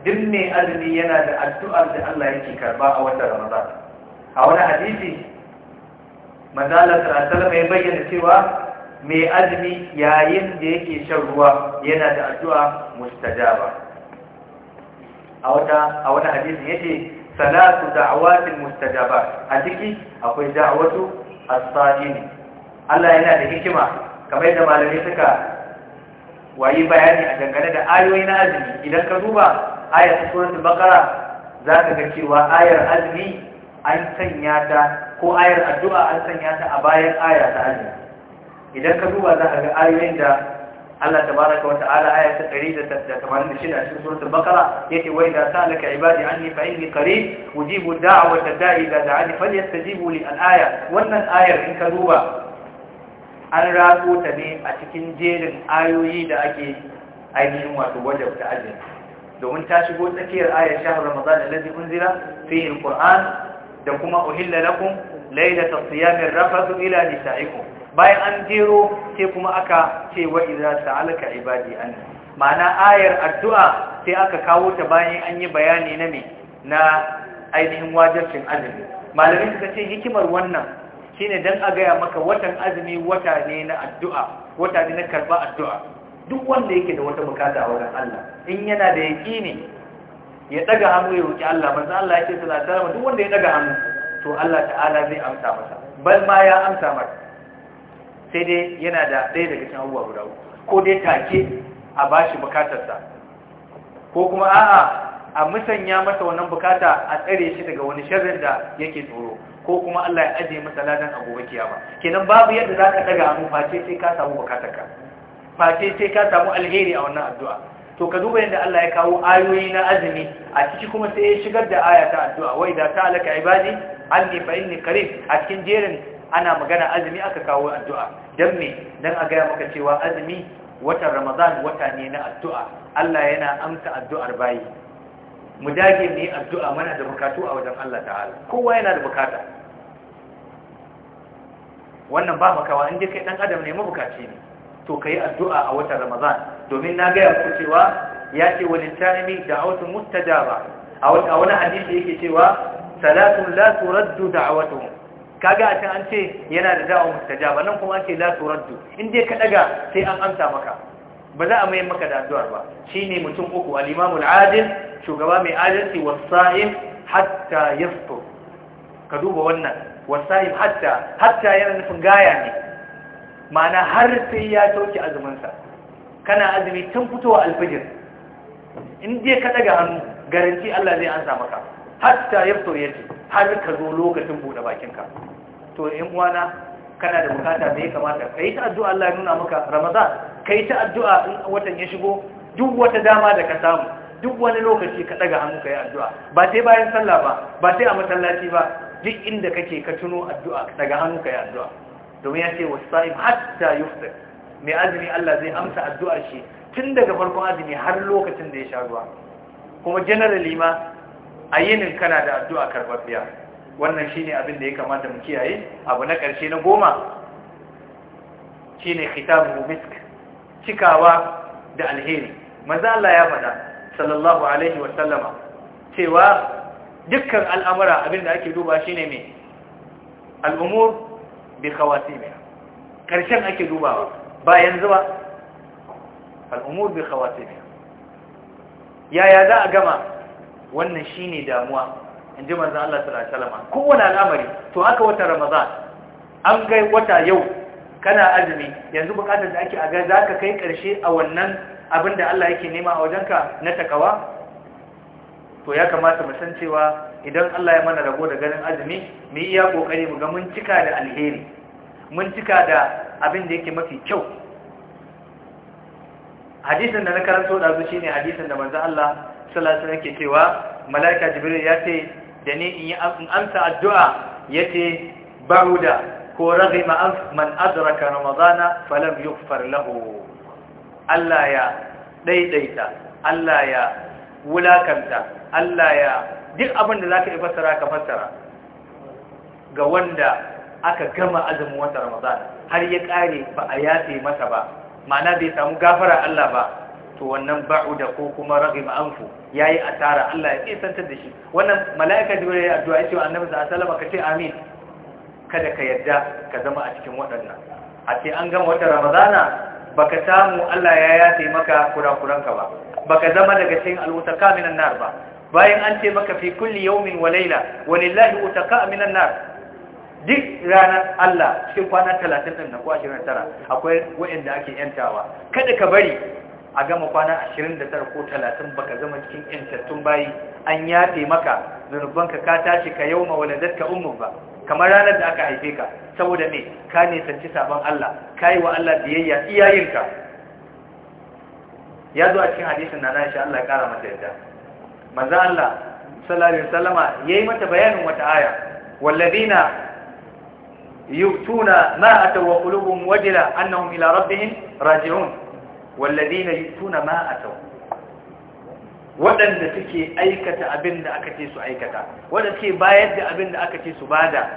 din mai azumi yana da addu'ar da Allah yake karba a watan Ramadan a wani hadisi manzala tsarasar mai bayyana cewa mai azumi yayin da yake shan ruwa yana da addu'a mustajaba a wani hadisi ya ce salatu da'awatin mustajaba a ciki akwai da'awatu a tsari ne Allah yana da hikima kamar yadda malamai suka wayi bayani a dangane da ayoyi na azumi idan ka duba ayar suratul baqara za ka ga cewa ayar azumi an sanya ta ko ayar addu'a an sanya ta a bayan aya ta azumi idan ka duba za ka ga ayoyin da Allah tabaraka wa ta'ala aya ta 186 a cikin suratul baqara yace wa idza sa'alaka ibadi anni fa inni qarib ujibu da'wata da'i idza da'ani falyastajibu li al-aya wannan ayar in ka duba an rato ta ne a cikin jerin ayoyi da ake ainihin wato wajabta ajin domin ta shigo tsakiyar ayar shahar ramadan allazi unzila fihi da kuma uhilla lakum laylata siyamin rafathu ila nisaikum bayan an jero sai kuma aka ce wa idza sa'alaka ibadi an ma'ana ayar addu'a sai aka kawo ta bayan an yi bayani na me na ainihin wajibcin azumi malamin suka ce hikimar wannan shine dan a gaya maka watan azumi wata ne na addu'a wata ne na karba addu'a duk wanda yake da wata bukata a Allah in yana da yaqini ya daga hannu ya roki Allah manzo Allah yake sallallahu alaihi duk wanda ya daga hannu to Allah ta'ala zai amsa masa bal ma ya amsa masa sai dai yana da ɗaya daga cikin abubuwa guda ko dai take a bashi bukatarsa ko kuma a'a a musanya masa wannan bukata a tsare shi daga wani shirin da yake tsoro ko kuma Allah ya ajiye masa ladan a gobe kiyama kenan babu yadda za ka daga hannu face sai ka samu bukatarka face sai ka samu alheri a wannan addu'a to ka duba yadda Allah ya kawo ayoyi na azumi a ciki kuma sai ya shigar da aya ta addu'a wai da ta alaka ibadi anni fa inni qarib a cikin jerin ana magana azumi aka kawo addu'a dan me dan a ga maka cewa azumi watan Ramadan wata ne na addu'a Allah yana amsa addu'ar bayi mu dage mu yi addu'a mana da bukatu a wajen Allah ta'ala kowa yana da bukata wannan ba makawa inda kai dan adam ne mabukaci ne to kai addu'a a watan Ramadan domin na ga yaku cewa ya ce wani tarimi da'awatu mustajaba a wani hadisi yake cewa salatun la turaddu da'awatu kaga a can an ce yana da da'awa mustajaba nan kuma ake la turaddu in dai ka daga sai an amsa maka ba za a mai maka da addu'ar ba Shi ne mutum uku al adil shugaba mai adalci sa'im, hatta yasfu ka duba wannan wasa'im hatta hatta yana nufin gaya ne ma'ana har sai ya tauki azumin kana azumi tun fitowa alfajir in dai ka daga hannu garanti Allah zai ansa maka hatta yasfu yace har ka zo lokacin buɗe bakinka to ƴan uwana kana da bukata da ya kamata ka yi ta addu'a Allah ya nuna maka ramaza ka yi ta addu'a in watan ya shigo duk wata dama da ka samu duk wani lokaci ka ɗaga hannu ka yi addu'a ba sai bayan sallah ba ba sai a masallaci ba duk inda kake ka tuno addu'a ka ɗaga hannu ka yi addu'a domin ya ce wasu sa'im hatta yufta mai azumi Allah zai amsa addu'ar shi tun daga farkon azumi har lokacin da ya sha ruwa kuma generally ma a yinin kana da addu'a karɓaɓɓiya wannan shine abin da ya kamata mu kiyaye abu na ƙarshe na goma shine khitamu misk cikawa da alheri manzo Allah ya faɗa sallallahu alaihi wa sallama cewa dukkan al'amura abin da ake duba shine mai al'umur bi khawatimiha ƙarshen ake dubawa ba yanzu ba al'umur bi khawatimiha yaya za a gama wannan shine damuwa in ji manzan Allah sallallahu alaihi wasallam kowane al'amari to haka wata ramazan an ga wata yau kana azumi yanzu bukatar da ake a ga zaka kai karshe a wannan abin da Allah yake nema a wajenka na takawa to ya kamata mu san cewa idan Allah ya mana rago da ganin azumi mu yi iya kokari mu ga mun cika da alheri mun cika da abin da yake mafi kyau hadisin da na karanto da zuci ne hadisin da manzo Allah sallallahu alaihi wasallam yake cewa malaika jibril ya ce da ne in yi amsa addu'a yace baruda ko raghima man azuraka ramadana falam yughfar lahu Allah ya ɗaiɗaita, Allah ya wulakanta Allah ya duk abin da zaka yi fassara ka fassara ga wanda aka gama azumin wata ramadana har ya kare ba a yafe masa ba ma'ana bai samu gafara Allah ba to wannan ba'uda ko kuma ma'amfu ya yi asara Allah ya kisantar da shi wannan malaika jibril ya addu'a yace wa annabi a salama. Ka ce amin kada ka yadda ka zama a cikin waɗannan a ce an gama wata ramadana baka samu Allah ya yafe maka kurakuranka ba baka zama daga cikin al'utaka minan nar ba bayan an ce maka fi kulli yawmin wa layla walillahi utaka minan nar duk ranar Allah cikin kwana 30 din ko 29 akwai wa'anda ake yantawa kada ka bari a gama kwana 29 ko 30 baka zama cikin intattun bayi an yafe maka zunubanka ka tashi ka yau ka ummun ba kamar ranar da aka haife ka saboda me ka ne sanci sabon Allah ka yi wa Allah biyayya iyayenka ya zo a cikin hadisin nana insha Allah ya kara mata yadda manzo Allah sallallahu alaihi ya yayi mata bayanin wata aya walladina يؤتون ma atawa وقلوبهم وجلة annahum ila rabbihim raji'un wallazina yutuna ma ataw waɗanda suke aikata abin da aka ce su aikata waɗanda suke bayar da abin da aka ce su bada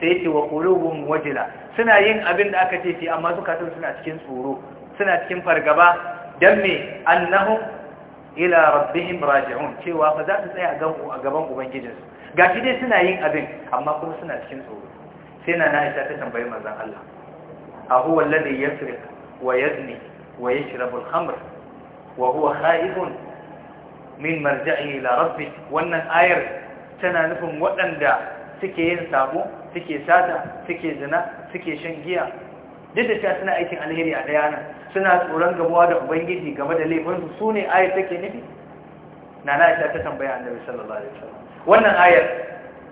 sai ce wa qulubun wajila suna yin abin da aka ce sai amma zukatun suna cikin tsoro suna cikin fargaba dan me annahum ila rabbihim raji'un cewa fa za su tsaya a gaban ubangijinsu gashi dai suna yin abin amma kuma suna cikin tsoro sai na na isa ta tambayi manzon Allah a huwa alladhi yasrifu ويزني ويشرب الخمر وهو خائف min marja'i ila rabbi wannan ayar tana nufin waɗanda suke yin sabo suke sata suke zina suke shan giya duk da cewa suna aikin alheri a daya nan suna tsoron gabuwa da ubangiji game da laifinsu su Sune ayar take nufi na na ta tambaya annabi sallallahu alaihi wasallam wannan ayar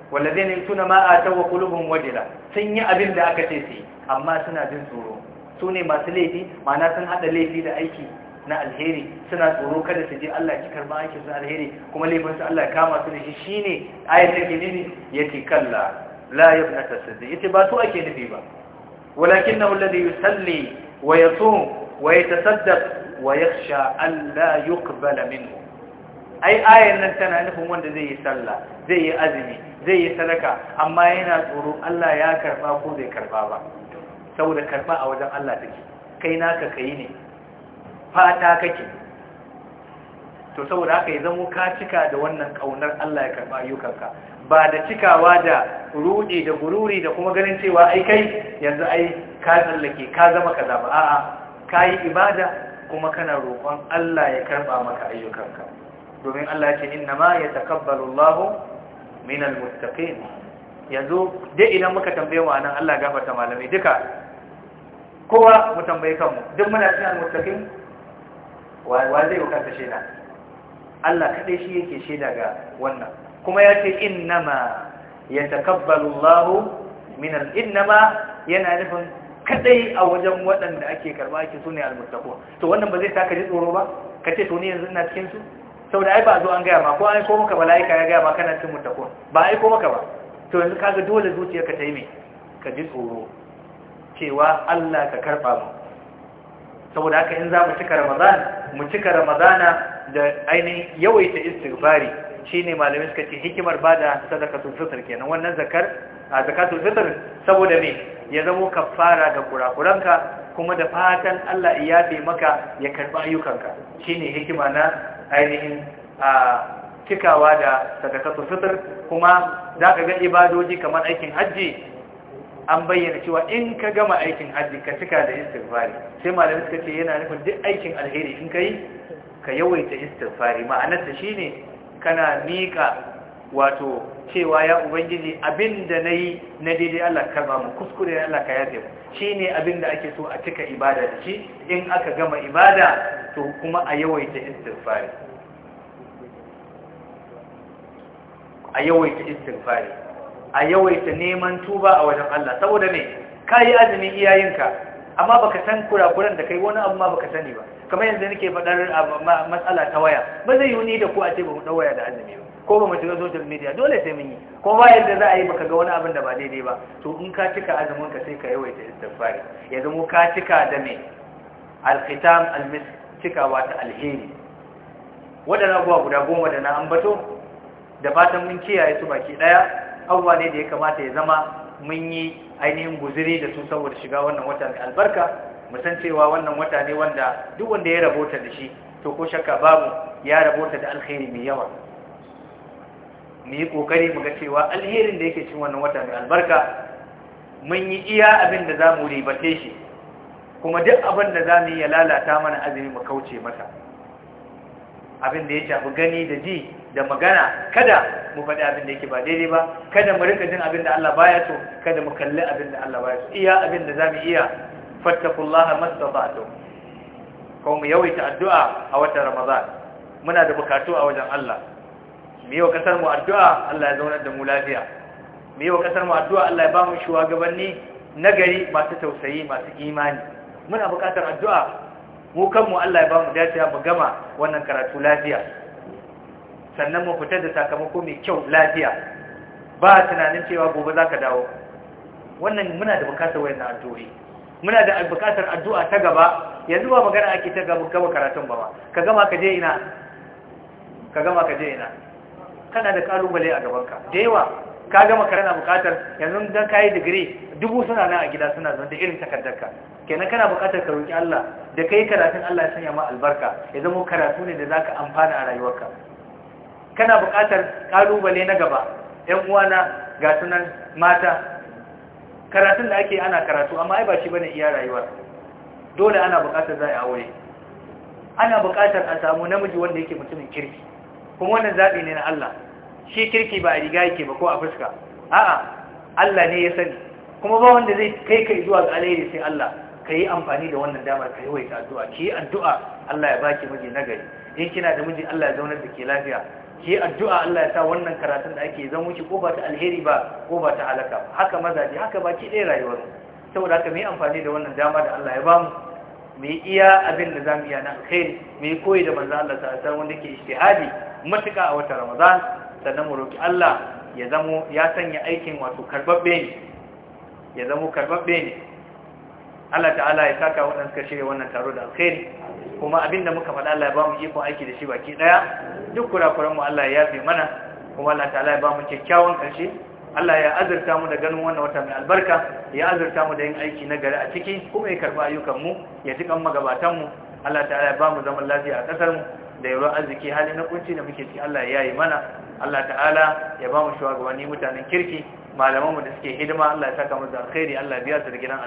wallazina yutuna ma ataw wa qulubuhum wajila sun yi abin da aka ce su amma suna jin tsoro su ne masu laifi ma'ana sun haɗa laifi da aiki na alheri suna tsoro kada su je Allah ki karba aikin su alheri kuma laifin su Allah kama su da shi shine ayatul kinini yake kalla la yabnata siddi yace ba su ake nufi ba walakinahu alladhi yusalli wa yasum wa yatasaddaq wa yakhsha an la yuqbala minhu ai ayan nan tana nufin wanda zai yi sallah zai yi azumi zai yi sadaka amma yana tsoro Allah ya karba ko bai karba ba saboda karba a wajen Allah take kai naka kai ne fata kake to saboda haka ya zama ka cika da wannan kaunar Allah ya karba ayyukanka ba da cikawa da ruɗe da gururi da kuma ganin cewa ai kai yanzu ai ka tsallake ka zama kaza ba a'a kai ibada kuma kana roƙon Allah ya karba maka ayyukanka domin Allah ya ce inna ma yataqabbalu Allahu minal muttaqin yanzu dai idan muka tambaye wa nan Allah gafarta malamai duka kowa mu tambayi kanmu duk muna cikin almuttaqin wa zai bukata shaida Allah kadai shi yake shaida ga wannan kuma ya ce innama yatakabbalu Allah min al-innama yana nufin kadai a wajen waɗanda ake karba ake sune almuttaqun to wannan ba zai taka ji tsoro ba kace to ni yanzu ina cikin su saboda ai ba zo an gaya ma ko ai ko maka malaika ya gaya ma kana cikin muttaqun ba ai ko maka ba to yanzu kaga dole zuciyarka ta yi me ka ji tsoro cewa Allah ka karɓa mu saboda haka in za mu cika ramadan mu cika ramadana da ainihin yawaita istighfari shine malamai suka ce hikimar bada sadakatul fitr kenan wannan zakar a zakatul fitr saboda me ya zamo kafara ga kurakuranka kuma da fatan Allah ya yafe maka ya karɓi ayyukanka shine hikima na ainihin a cikawa da sadakatul fitr kuma zaka ga ibadoji kamar aikin hajji an bayyana cewa in ka gama aikin hajji ka cika da istighfari sai malamai suka ce yana nufin duk aikin alheri in kai ka yawaita istighfari ma'anar ta shine kana mika wato cewa ya ubangiji abinda nayi na daidai Allah ka ba mu kuskure ne Allah ka yafe mu shine abinda ake so a cika ibada da shi in aka gama ibada to kuma a yawaita istighfari a yawaita istighfari a yawaita neman tuba a wajen Allah saboda me kai azumi iyayenka amma baka san kurakuran da kai wani abu ma baka sani ba kamar yanzu nake faɗar ah, matsala ta waya ba zai yi ni da ku a ce ba mu da waya da azumi ba ko ba mu shiga social media dole sai mun yi ko ba yadda za a yi baka ga wani abin da ba daidai ba to in ka cika azumin ka sai ka yawaita istighfari ya zamo ka cika da me al almis ta alheri waɗannan abubuwa guda goma da na ambato da fatan mun kiyaye su baki daya abubuwa ne da ya kamata ya zama mun yi ainihin guziri da su saboda shiga wannan wata mai albarka musan cewa wannan wata ne wanda duk wanda ya rabota da shi to ko shakka babu ya rabota da alheri mai yawa mu yi kokari mu ga cewa alherin da yake cin wannan wata mai albarka mun yi iya abin da za mu ribate shi kuma duk abin da za mu yi ya lalata mana azumi mu kauce mata abin da ya shafi gani da ji da magana kada mu faɗi abin da yake ba daidai ba kada mu rika jin abin da Allah baya so kada mu kalli abin da Allah baya so iya abin da zamu iya fattakullaha mastata'tu ko mu yawaita addu'a a watan Ramadan muna da bukatu a wajen Allah mu yi wa kasar mu addu'a Allah ya zaunar da mu lafiya mu yi wa kasar mu addu'a Allah ya ba mu shugabanni nagari masu tausayi masu imani muna bukatar addu'a mu kanmu Allah ya ba mu dace mu gama wannan karatu lafiya sannan mu fitar da sakamako mai kyau lafiya ba tunanin cewa gobe za ka dawo wannan muna da bukatar wayan addu'o'i muna da bukatar addu'a ta gaba yanzu ba magana ake ta gaba gaba karatun ba ka gama ka je ina ka gama ka je ina kana da kalubale a gabanka da yawa ka gama karana bukatar yanzu dan kai digiri dubu suna nan a gida suna zuwa da irin takardarka kenan kana bukatar ka roki Allah da kai karatun Allah ya sanya ma albarka Idan mu karatu ne da zaka amfana a rayuwarka kana buƙatar ƙalubale na gaba ‘yan uwana ga sunan mata karatun da ake ana karatu amma ai ba shi bane iya rayuwa. dole ana buƙatar za a aure ana buƙatar a samu namiji wanda yake mutumin kirki kuma wannan zaɓi ne na Allah shi kirki ba a riga yake ba ko a fuska a'a Allah ne ya sani kuma ba wanda zai kai kai zuwa ga alheri sai Allah ka yi amfani da wannan damar ka yawaita addu'a ki yi addu'a Allah ya baki miji nagari in kina da miji Allah ya zaunar da ke lafiya ke addu'a Allah ya sa wannan karatun da ake zama wuce ko ba ta alheri ba ko ba ta halaka haka mazaje haka baki ɗaya rayuwar saboda haka mu yi amfani da wannan dama da Allah ya ba mu mai iya abin da zamu iya na alheri mu yi koyi da manzo Allah ta san wanda ke ijtihadi matuka a wata Ramadan sannan mu roki Allah ya zamo ya sanya aikin wato karbabbe ne ya zamo karbabbe ne Allah ta'ala ya saka wannan suka shirya wannan taro da alheri kuma abinda muka faɗa Allah ya ba mu iko aiki da shi baki daya duk kurakuran mu Allah ya yafe mana kuma Allah ta'ala ya ba mu kyakkyawan karshe Allah ya azurta mu da ganin wannan wata mai albarka ya azurta mu da yin aiki na gari a ciki kuma ya karba ayyukan mu ya ji kan magabatan mu Allah ta'ala ya ba mu zaman lafiya a kasar mu da yawan arziki hali na kunci da muke ciki Allah ya yi mana Allah ta'ala ya ba mu shugabanni mutanen kirki malaman mu da suke hidima Allah ya saka mu da alkhairi Allah ya biya su da gidan